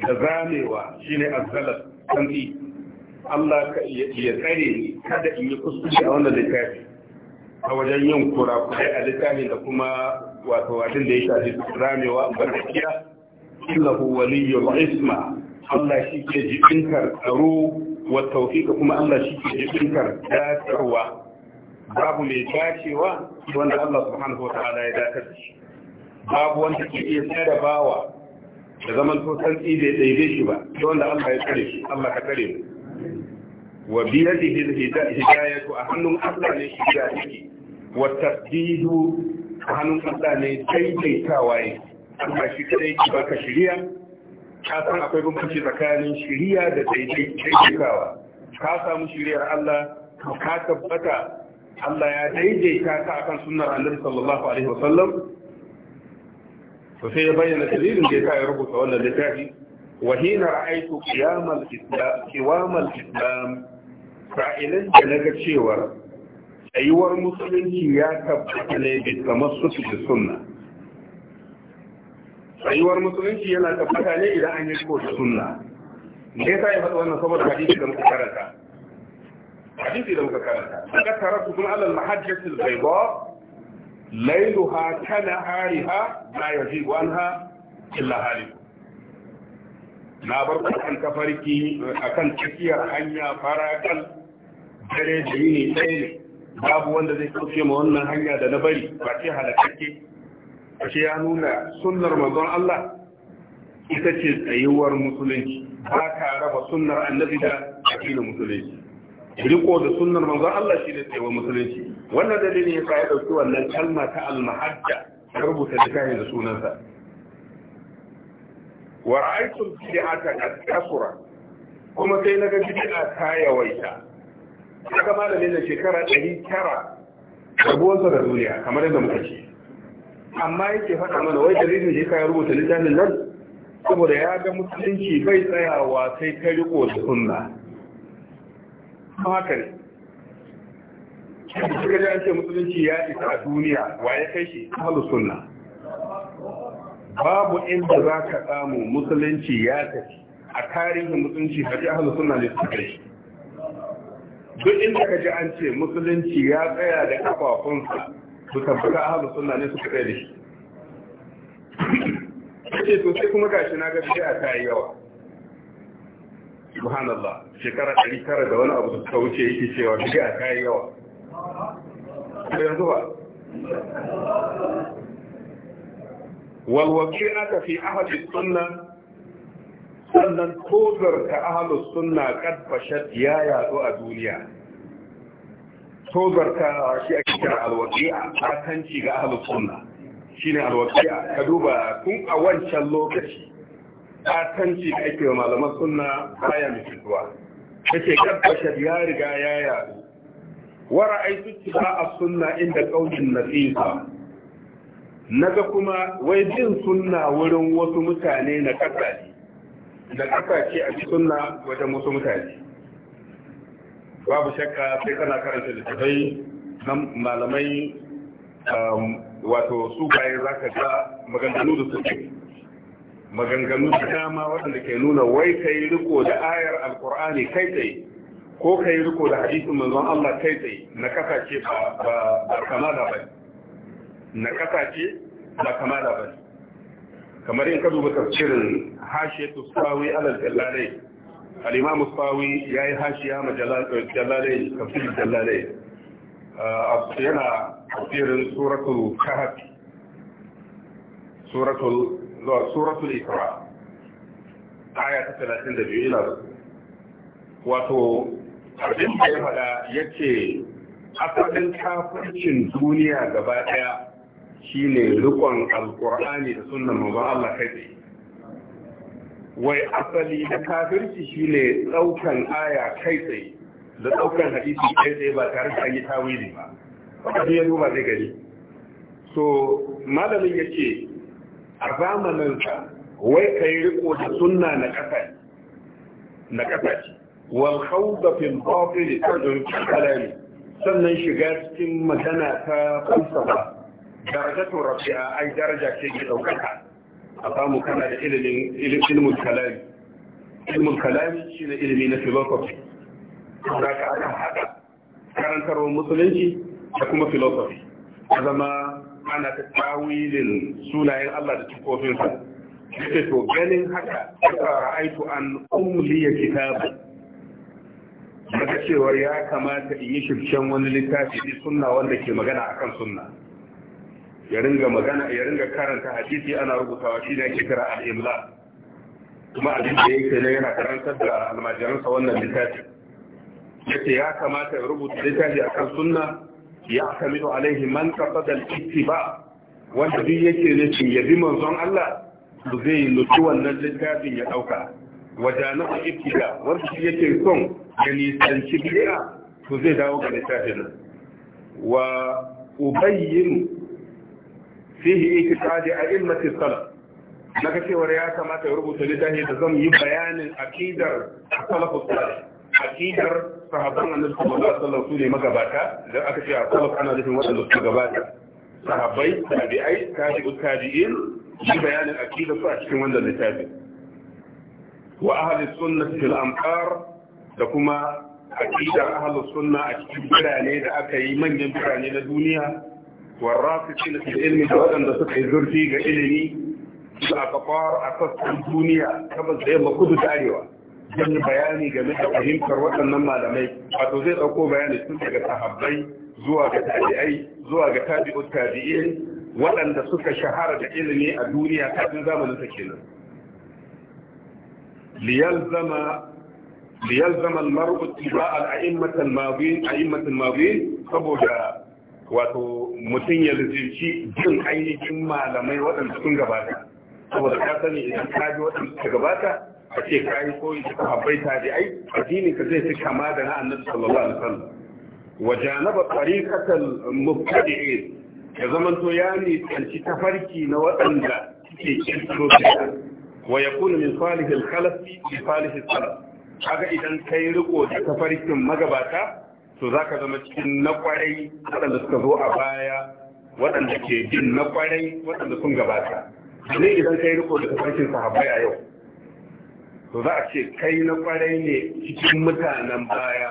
S1: da zamewa shine azzalat tanzi Allah ya tsare ni kada in yi kuskure a wannan littafi a wajen yin kurakurai a littafin da kuma wato wajen da ya shafi zamewa barkiya illahu waliyyul isma Allah shi ke jikinkar tsaro wa tawfiqa kuma Allah shi ke jikinkar dacewa babu mai dacewa wanda Allah subhanahu wa ta'ala ya dace babu wanda ke iya tsare bawa da zaman to santsi bai daidai shi ba to wanda Allah ya tsare shi Allah ka tsare mu wa yadihi hidayatu a hannun Allah ne shi da yake wa tasdidu a hannun Allah ne daidaitawa yake Allah shi kadai ki baka shiriya ka san akwai bambanci tsakanin shiriya da kawa. ka samu shiriyar Allah ka tabbata Allah ya daidaita ka akan sunnar Annabi sallallahu alaihi wasallam to sai ya bayyana dalilin da yasa ya rubuta wannan littafi wa hina ra'aytu qiyamal islam qiwamal islam fa'ilan da naga cewa tsayuwar musulunci ya tabbata ne bi tamassuki da sunna tsayuwar musulunci yana tabbata ne idan an yi riko da sunna me yasa ya faɗi wannan saboda hadisi da muka karanta hadisi da muka karanta aka tara su kun alal mahajjatil bayda lailuha kana hariha la yazigu anha illa na bar kan kafarki akan tafiyar hanya faragal dare da ne ɗaya ne babu wanda zai kauce ma wannan hanya da na bari ba ce halakakke ba ce ya nuna sunnar manzon Allah ita ce tsayuwar musulunci ba ta raba sunnar annabi da addinin musulunci riko da sunnar manzon Allah shi da tsayuwar musulunci wannan dalilin ya ya ɗauki wannan kalma ta al-mahajja ta rubuta littafin da sunansa wa ra'aytu bid'ata qad kasura kuma sai naga bid'a ta yawaita kaga malamin da shekara 900 sa da duniya kamar yadda muka ce amma yake faɗa mana wai dalilin ya kai rubuta littafin nan saboda ya ga musulunci bai tsayawa sai ta riko da sunna haka ne suka ji an ce musulunci ya isa a duniya wa ya kai shi ahlus sunna babu inda za ka samu musulunci ya tafi a tarihin musulunci haji ahlus sunna ne suka kai duk inda ka ji an ce musulunci ya tsaya da kafafunsa su tabbata ahlus sunna ne suka ke da shi ce to sai kuma gashi na ga bid'a ta yi yawa subhanallah shekara 900 da wani abu da ta wuce yake cewa bid'a ta yi yawa walwaki aka fi ahalus sunna sannan tozar ta ahalus sunna kadfashat ya yatsu a duniya tozar ta shi ake kira alwaki a kanci ga ahalus sunna shine alwaki ka duba tun a wancan lokaci katanci da ake wa malaman sunna bayan mutuwa kace kadfashat ya riga ya yatsu wa ra'aytu tiba'a sunna inda qaulin nasiha naga kuma wai bin sunna wurin wasu mutane na kasashe da kasashe a cikin sunna wajen wasu mutane babu shakka sai kana karanta littattafai na malamai wato su bayan za ka ga maganganu da su. maganganu da ma waɗanda ke nuna wai kai riko da ayar alkur'ani kai kai ko ka yi riko da hadisin manzon Allah kai tsaye na kasa ce ba kamala ba na kasa ce ba kamala ba kamar in ka duba tafsirin hashiyatu sawi alal jallalai al-imam sawi yayi hashiya ma jallalai tafsir jallalai ah, yana tafsirin suratul kahf suratul suratul isra aya ta 32 ila wato abin da ya faɗa ya ce asalin kafircin duniya gaba ɗaya shine rikon alkur'ani da sunan manzon Allah kai wai asali da kafirci shine ɗaukan aya kai tsaye da ɗaukan hadisi kai tsaye ba tare da yi tawili ba wanda ya duba zai gani so malamin ya ce a zamaninsa wai yi riko da sunna na ƙasa na ƙasa ce wal khawda fil batil kadun kalami sannan shiga cikin magana ta falsafa darajatu rafi'a ai daraja ce ke daukaka a samu kana da ilimin ilimin kalami ilimin kalami shi shine ilimi na philosophy zaka aka haɗa karantarwar musulunci da kuma philosophy a zama ana ta tawilin sunayen Allah da tukofinsa. Ita to ganin haka, ta ra'aitu an umliya kitabu. daga cewar ya kamata in yi shirken wani littafi ne sunna wanda ke magana a kan sunna ya ringa magana ya ringa karanta hadisi ana rubutawa shi ne ake kira al kuma abin da yake ne yana karantar da almajiransa wannan littafi yace ya kamata ya rubuta littafi a kan sunna ya kamilu alaihi man qasada al-ittiba wanda duk yake ne cin yabi manzon Allah zai nutu wannan littafin ya ɗauka. wajana a ibtida wanda shi yake son ya nisanci bid'a to zai dawo ga littafin nan wa ubayyin fihi ikitadi a ilmati Na ga cewar ya kamata ya rubuta littafi da zan yi bayanin akidar salafus salih akidar sahabban annabi sallallahu alaihi wasallam su ne magabata da aka ce a salaf ana nufin waɗanda suka gabata sahabbai tabi'ai tabi'ut tabi'in yi bayanin akidar su a cikin wannan littafin wa ahalus sunnati fil amqar da kuma aqidar ahalus sunna a cikin birane da aka yi manyan birane na duniya warrafisina fil ilmi da waɗanda suka yi zurfi ga ilimi su a kafar a sassan duniya gabas da yamma kudu da arewa zan yi bayani game da fahimtar waɗannan malamai wato zai ɗauko bayani tun daga sahabbai zuwa ga tabi'ai zuwa ga tabi'ut tabi'in waɗanda suka shahara da ilimi a duniya kafin zamanin sa kenan liyalzama zaman almar'u ittiba' al-a'immat al-madin a'immat saboda wato mutum ya lizirci jin ainihin malamai waɗanda sun gabata saboda ka sani idan ka ji waɗanda suka gabata a ce ka yi koyi suka habbai tabi'ai addini ka zai fi kama da na annabi sallallahu alaihi wasallam wa janaba tariqatal mubtadi'in ya zamanto ya nisanci tafarki na waɗanda suke kirkiro bid'a wa kuna min salihil khalafi li salihis salaf kaga idan kai riko da tafarkin magabata to za ka zama cikin na kwarai waɗanda suka zo a baya waɗanda ke bin na kwarai waɗanda sun gabata ne idan kai riko da tafarkin sahabbai a yau to za a ce kai na kwarai ne cikin mutanen baya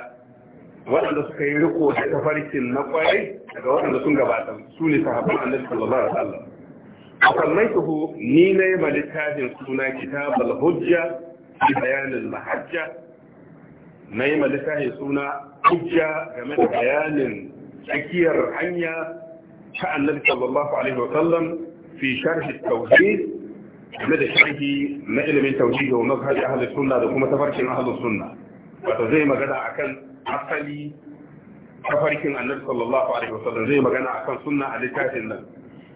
S1: waɗanda suka yi riko da tafarkin na kwarai daga waɗanda sun gabata su ne sahabban annabi sallallahu alaihi wasallam سميته نيني ملتاه سنة كتاب الهجة لبيان المحجة نيني ملتاه سنة حجة كمان بيان شكير حنية كأن النبي صلى الله عليه وسلم في شرح التوحيد مدى شرحه مئل من توجيه ومظهر أهل السنة دكومة تفرش أهل السنة وتزي ما قدع أكن أصلي فرش النبي صلى الله عليه وسلم زي ما قدع أكن سنة على كاتل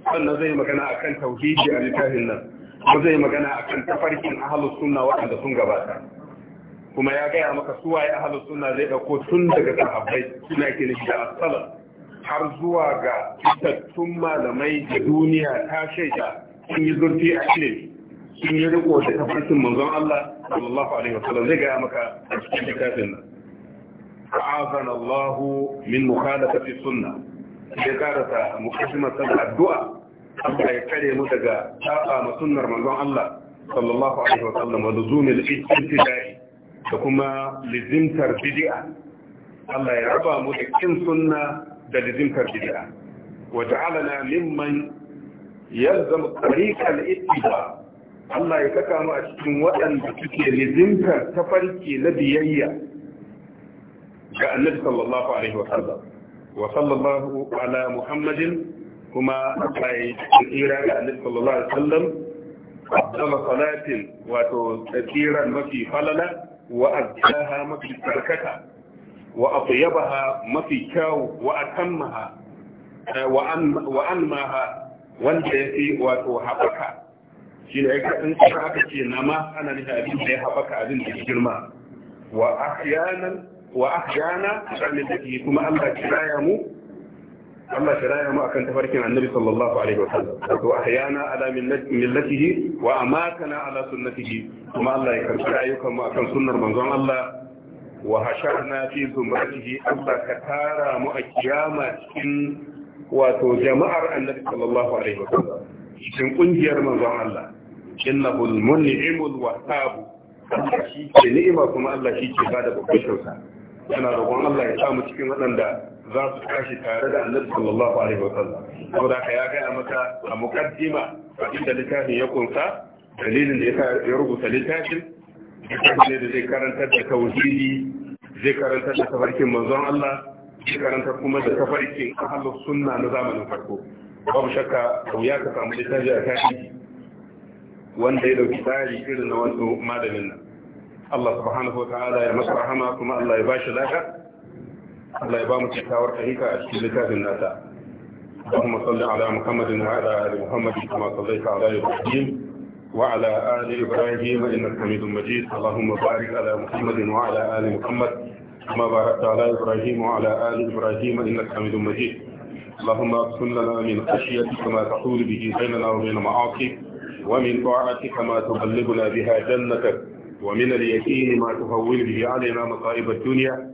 S1: sannan zai magana kan tauhidi a littafin nan kuma zai magana akan tafarkin ahlus sunna waɗanda sun gabata kuma ya gaya maka suwaye ahlus sunna zai ɗauko tun daga sahabbai suna ke nufi da as har zuwa ga fitattun malamai da duniya ta shaida sun yi zurfi a ilimi sun yi riko da tafarkin manzon Allah sallallahu alaihi wasallam zai gaya maka a cikin littafin nan fa'azana Allah min mukhalafati sunna sai karata mukaddimar sallar addu'a Allah ya kare mu daga shafa ma sunnar manzon Allah sallallahu alaihi wa sallam wa luzumil ittiba'i da kuma lizimtar bid'a Allah ya raba mu da kin sunna da lizimtar bid'a wa ja'alana mimman yalzamu tariqal ittiba' Allah ya saka mu a cikin waɗanda suke lizimtar tafarki na biyayya ga annabi sallallahu alaihi wa sallam wa sallallahu ala muhammadin كما أبعي تأثيرا على النبي صلى الله عليه وسلم أفضل صلاة وتأثيرا ما في فللة وأزكاها ما في بركة وأطيبها ما في كاو وأتمها وأنمها وانتهي وتوحبك شين عيكا انتحاك شين نما أنا لهذه ليحبك أذن تجرما وأحيانا وأحيانا فعل التي كما أمرك لا يموت Allah shi raya mu akan tafarkin annabi sallallahu alaihi wa sallam wato ahyana ala millatihi wa amatana ala sunnatihi kuma Allah ya karɓi rayukan mu akan sunnar manzon Allah wa hasharna fi zumratihi Allah ka tara mu a kiyama cikin wato jama'ar annabi sallallahu alaihi wa sallam cikin kungiyar manzon Allah innahu al-mun'imul wahhab shi ke ni'ima kuma Allah shi ke bada babbar kyauta yana roƙon Allah ya samu cikin waɗanda za su tashi tare da annabi sallallahu alaihi wasallam saboda ka ya gaya maka a mukaddima a inda littafin ya kunsa dalilin da ya rubuta littafin littafin ne da zai karantar da tauhidi zai karantar da tafarkin manzon Allah zai karantar kuma da tafarkin ahlus sunna na zamanin farko babu shakka da wuya ka samu littafi a tarihi wanda ya dauki tsari irin na wasu malamin nan Allah subhanahu wa ta'ala ya masa rahama kuma Allah ya bashi lafiya الله يبارك ba mu kyakkyawar fahimta a cikin اللهم صل على محمد وعلى ال محمد كما صليت على ابراهيم وعلى ال ابراهيم انك حميد مجيد اللهم بارك على محمد وعلى ال محمد كما باركت على ابراهيم وعلى ال ابراهيم انك حميد مجيد اللهم اغفر لنا من خشيتك ما تحول به بيننا وبين معاصيك ومن طاعتك ما تبلغنا بها جنتك ومن اليقين ما تهول به علينا مصائب الدنيا